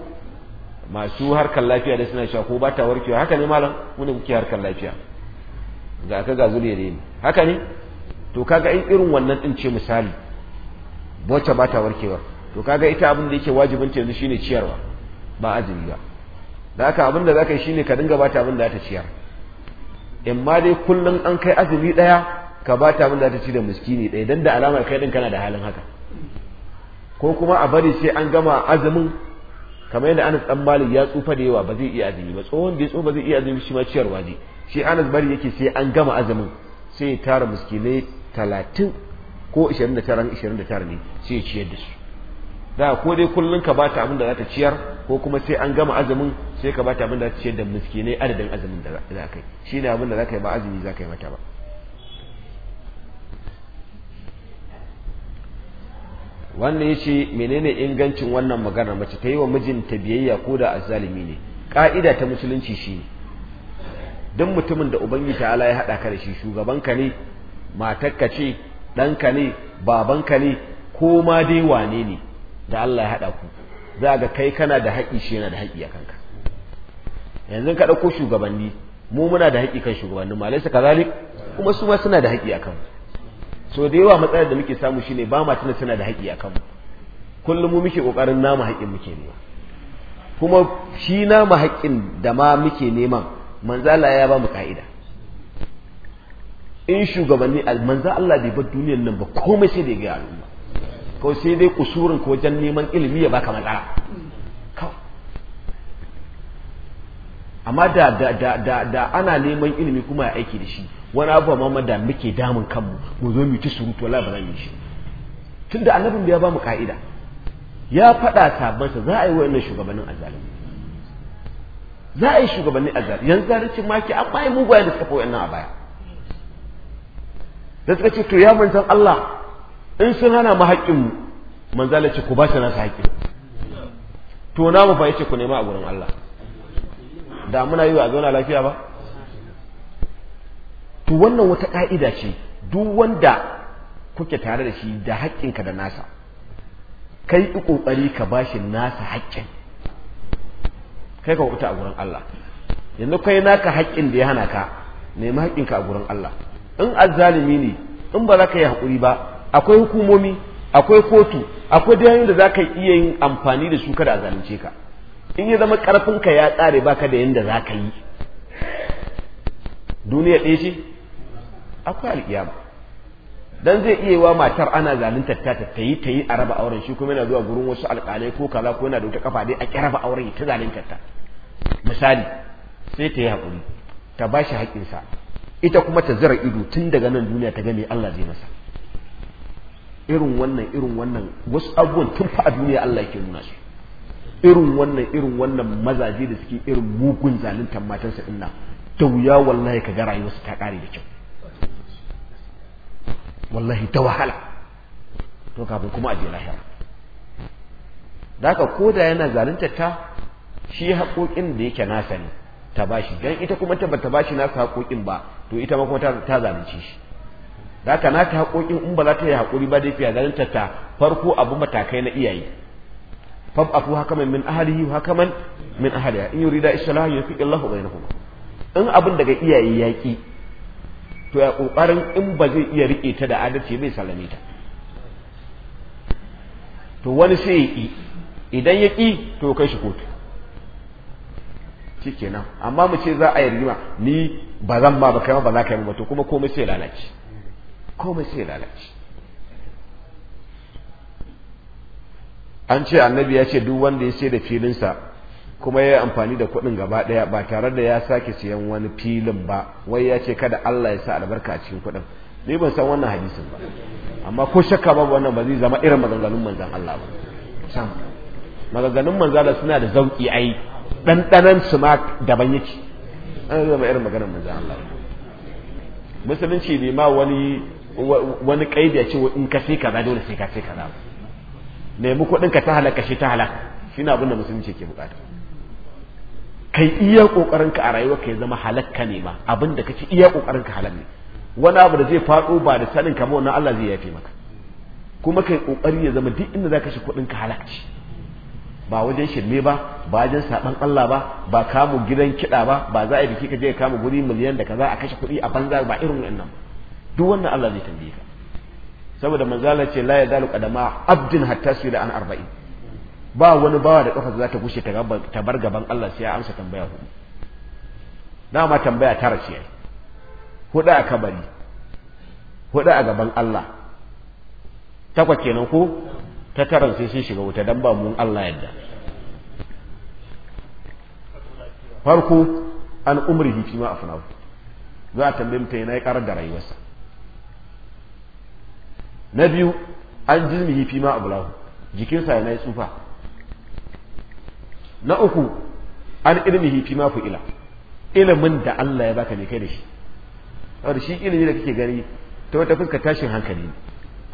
masu harkar lafiya da suna cewa ko ba ta warkewa haka ne malam mu muke harkar lafiya ga ka ga da ne haka ne to kaga in irin wannan din ce misali wacce ba ta warkewa to kaga ita abin da yake wajibin ta yanzu shine ciyarwa ba azumi ba da haka abin da zaka yi shine ka dinga bata abin da zata ta ciyar in ma dai kullum an kai azumi daya ka bata abin da zata ta ci da miskini daya dan da alamar kai din kana da halin haka ko kuma a bari sai an gama azumin kamar yadda Anas dan Malik ya tsufa da yawa ba zai iya azumi ba tsohon da ya tsufa ba zai iya azumi shi ma ciyarwa ne shi Anas bari yake sai an gama azumin sai ya tara miskinai talatin ko 29 29 ne sai ya ciyar da su da ko dai kullum ka bata abin da za ta ciyar ko kuma sai an gama azumin sai ka bata abin da za ta ciyar da miskinai adadin azumin da za ka yi ne abin da za ka yi ba azumi za ka yi mata ba wannan yace menene ingancin wannan magana mace ta yi wa mijinta biyayya ko da azzalimi ne ka'ida ta musulunci shi ne. duk mutumin da ubangi ala ya haɗa ka da shi ka ne matarka ce ɗanka ne babanka ne ko ma dai wane ne da Allah ya haɗa ku za ga kai kana da haƙi shi yana da haƙi a kanka yanzu ka ɗauko shugabanni mu muna da haƙi kan shugabanni ma laisa kazalik kuma su ma suna da haƙi a kanmu so da yawa matsalar da muke samu shine ba ma tuna suna da haƙi a kanmu kullum mu muke ƙoƙarin namu haƙin muke nema kuma shi namu haƙin da ma muke neman Allah ya ba mu ka'ida in shugabanni manzo Allah bai bar duniyar nan ba komai sai da ya ga al'umma ko sai dai kusurin ko wajen neman ilimi ya baka matsala amma da da da da da ana neman ilimi kuma ya aiki da shi wani abu ma da muke damun kanmu mu zo mu ci surutu wala ba za mu shi tunda annabin da ya ba mu ka'ida ya faɗa sabansa za a yi wannan shugabannin azalimi za a yi shugabannin azalimi yanzu rikin maki an bayan mugaye da suka fi wannan a baya da suka ce to ya manzan Allah in sun hana mu haƙƙinmu manzala ce ku ba shi nasa haƙƙin to na mu fa ku nema a gurin Allah da muna yi wa zauna lafiya ba to wannan wata ƙa'ida ce duk wanda kuke tare da shi da haƙƙinka da nasa kai yi ƙoƙari ka ba shi nasa haƙƙin kai ka wuta a gurin Allah yanzu kai naka haƙƙin da ya hana ka nemi haƙƙinka a gurin Allah in azzalimi ne in ba za ka yi haƙuri ba akwai hukumomi akwai kotu akwai da da za ka iya yin amfani da su kada a zalunce ka in ya zama karfinka ya tsare baka da yanda za ka yi duniya ɗaya ce akwai alƙiyama dan zai iya wa matar ana zalunta ta ta yi ta yi a raba auren shi kuma yana zuwa gurin wasu alƙalai ko kaza ko yana da wata kafa dai a raba auren ta zalunta ta misali sai ta yi hakuri ta ba shi haƙƙinsa ita kuma ta zira ido tun daga nan duniya ta ga Allah zai masa irin wannan irin wannan wasu abubuwan tun fa a duniya Allah yake nuna su irin wannan irin wannan mazaje da suke irin mugun zaluntar matansa din nan da wuya wallahi ka ga rayuwarsu ta kare da kyau wallahi ta wahala to kafin kuma a je lahira da ka koda yana zaluntar ta shi haƙoƙin da yake nasa ne ta bashi dan ita kuma ta bata bashi nasa haƙoƙin ba to ita ma kuma ta zalunce shi da haka na ta haƙoƙin in ba za ta yi haƙuri ba dai fiya ganin ta farko abu matakai na iyaye haka hakaman min ahlihi wa hakaman min ahliha in yurida islaha yufiq Allahu bainahuma in abin daga iyaye yaki to ya kokarin in ba zai iya rike ta da adalci bai salame ta to wani sai ya ki idan ya ki to kai shi kotu shikenan amma mu ce za a yi rigima ni ba zan ma ba kai ma ba za ka yi ba to kuma komai sai lalace komai sai lalace an ce annabi ya ce duk wanda ya sayar da filinsa kuma ya yi amfani da kuɗin gaba ɗaya ba tare da ya sake siyan wani filin ba wai ya ce kada Allah ya sa albarka a cikin kuɗin ni ban san wannan hadisin ba amma ko shakka babu wannan ba zai zama irin maganganun manzan Allah ba sam maganganun manzan Allah suna da zauki ai ɗanɗanan su ma daban yake an zama irin maganar manzan Allah musulunci ne ma wani wani kaidi ya ce in ka sai kaza dole sai ka sai kaza nemi kuɗin ka ta halaka shi ta halaka shi na abinda musulunci ke bukata kai iya kokarin ka a rayuwa ka ya zama halakka ne ma abinda ka ci iya kokarin ka halal ne wani abu da zai faɗo ba da sanin ka ba wannan Allah zai yafe maka kuma kai kokari ya zama duk inda zaka shi kuɗin ka halakci ba wajen shirme ba ba wajen saban Allah ba ba kamu gidan kiɗa ba ba za a biki ka je ka kama guri miliyan da kaza a kashe kuɗi a banza ba irin wannan ba duk wannan Allah zai tambaye ka saboda manzala ce la yazalu qadama abdin hatta su an arba'in ba wani bawa da kafa za ta gushe ta bar gaban Allah sai ya amsa tambaya hudu dama tambaya tara ce ai hudu a kabari hudu a gaban Allah takwa kenan ko ta taran sai sun shiga wuta dan ba mu Allah yadda farko an umrihi fi ma za a tambaye mutane na ya karar da rayuwarsa na biyu an jizmihi fi ma abulahu jikinsa yana tsufa na uku an ilmihi fi ma fu'ila ilimin da Allah ya baka ne kai da shi saboda shi ilimi da kake gani ta wata fuska tashin hankali ne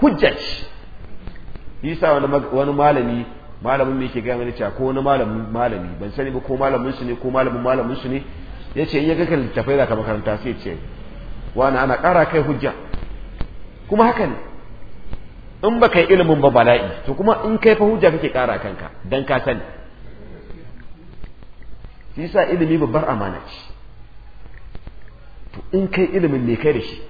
hujja ce wani wani malami malamin me ke gaya mana cewa ko wani malamin malami ban sani ba ko malamin su ne ko malamin malamin su ne yace in ya ga littafai da ka makaranta sai ce wani ana kara kai hujja kuma haka ne in ba ka yi ilimin ba bala'i to kuma in kai fa hujja kake kara kanka dan ka sani shi yasa ilimi babbar amana ce to in kai ilimin ne kai da shi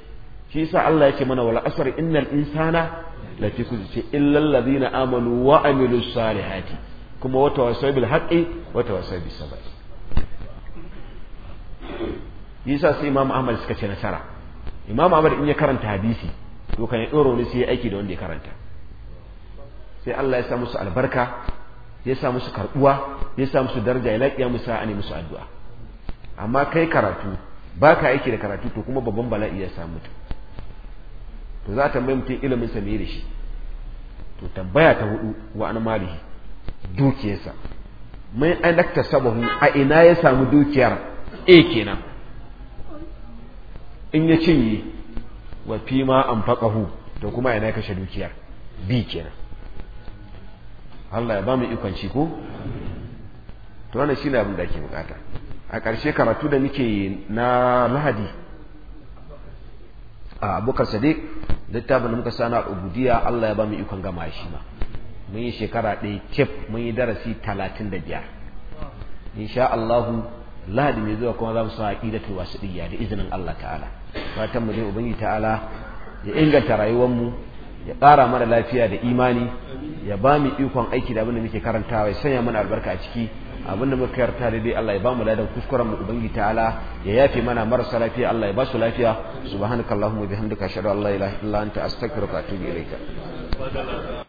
shi yasa Allah yake mana wal asr innal insana lafi kuzce illa alladhina amanu wa amilus salihati kuma wa tawassaw bil haqqi wa tawassaw bis sabr yasa sai imam Ahmad suka ce nasara imam Ahmad in ya karanta hadisi to kan ya ɗoro wani sai ya aiki da wanda ya karanta sai Allah ya sa musu albarka ya sa musu karɓuwa ya sa musu daraja ya laƙiya musu sa'a ne musu addu'a amma kai karatu ba ka aiki da karatu to kuma babban bala'i ya samu mutum to za a tambayi mutum ilimin sa da shi to tambaya ta hudu wa an malihi dukiyarsa mai alakta sabahu a ina ya samu dukiyar a kenan in ya cinye wa fi ma anfaqahu da kuma yana kashe dukiyar bi kenan Allah ya ba mu ikon shi ko to wannan shine abin da ake bukata a ƙarshe karatu da muke na Lahadi a Abubakar Sadiq littafin da muka sana ubudiya Allah ya ba mu ikon gama shi ma. mun yi shekara ɗaya tip mun yi darasi talatin da biyar insha Allah lahadi mai zuwa kuma za mu sa aqidatul wasidiyya da izinin Allah ta'ala fatan mu dai ubangi ta'ala ya inganta rayuwar mu ya ƙara mana lafiya da imani ya ba mu ikon aiki da abinda muke karantawa ya sanya mana albarka a ciki da muka yarta dai Allah ya ba mu ladan kuskuren mu ubangi ta'ala ya yafe mana marasa lafiya Allah ya ba su lafiya subhanakallahumma bihamdika ashhadu an la ilaha illa anta astaghfiruka wa atubu ilaik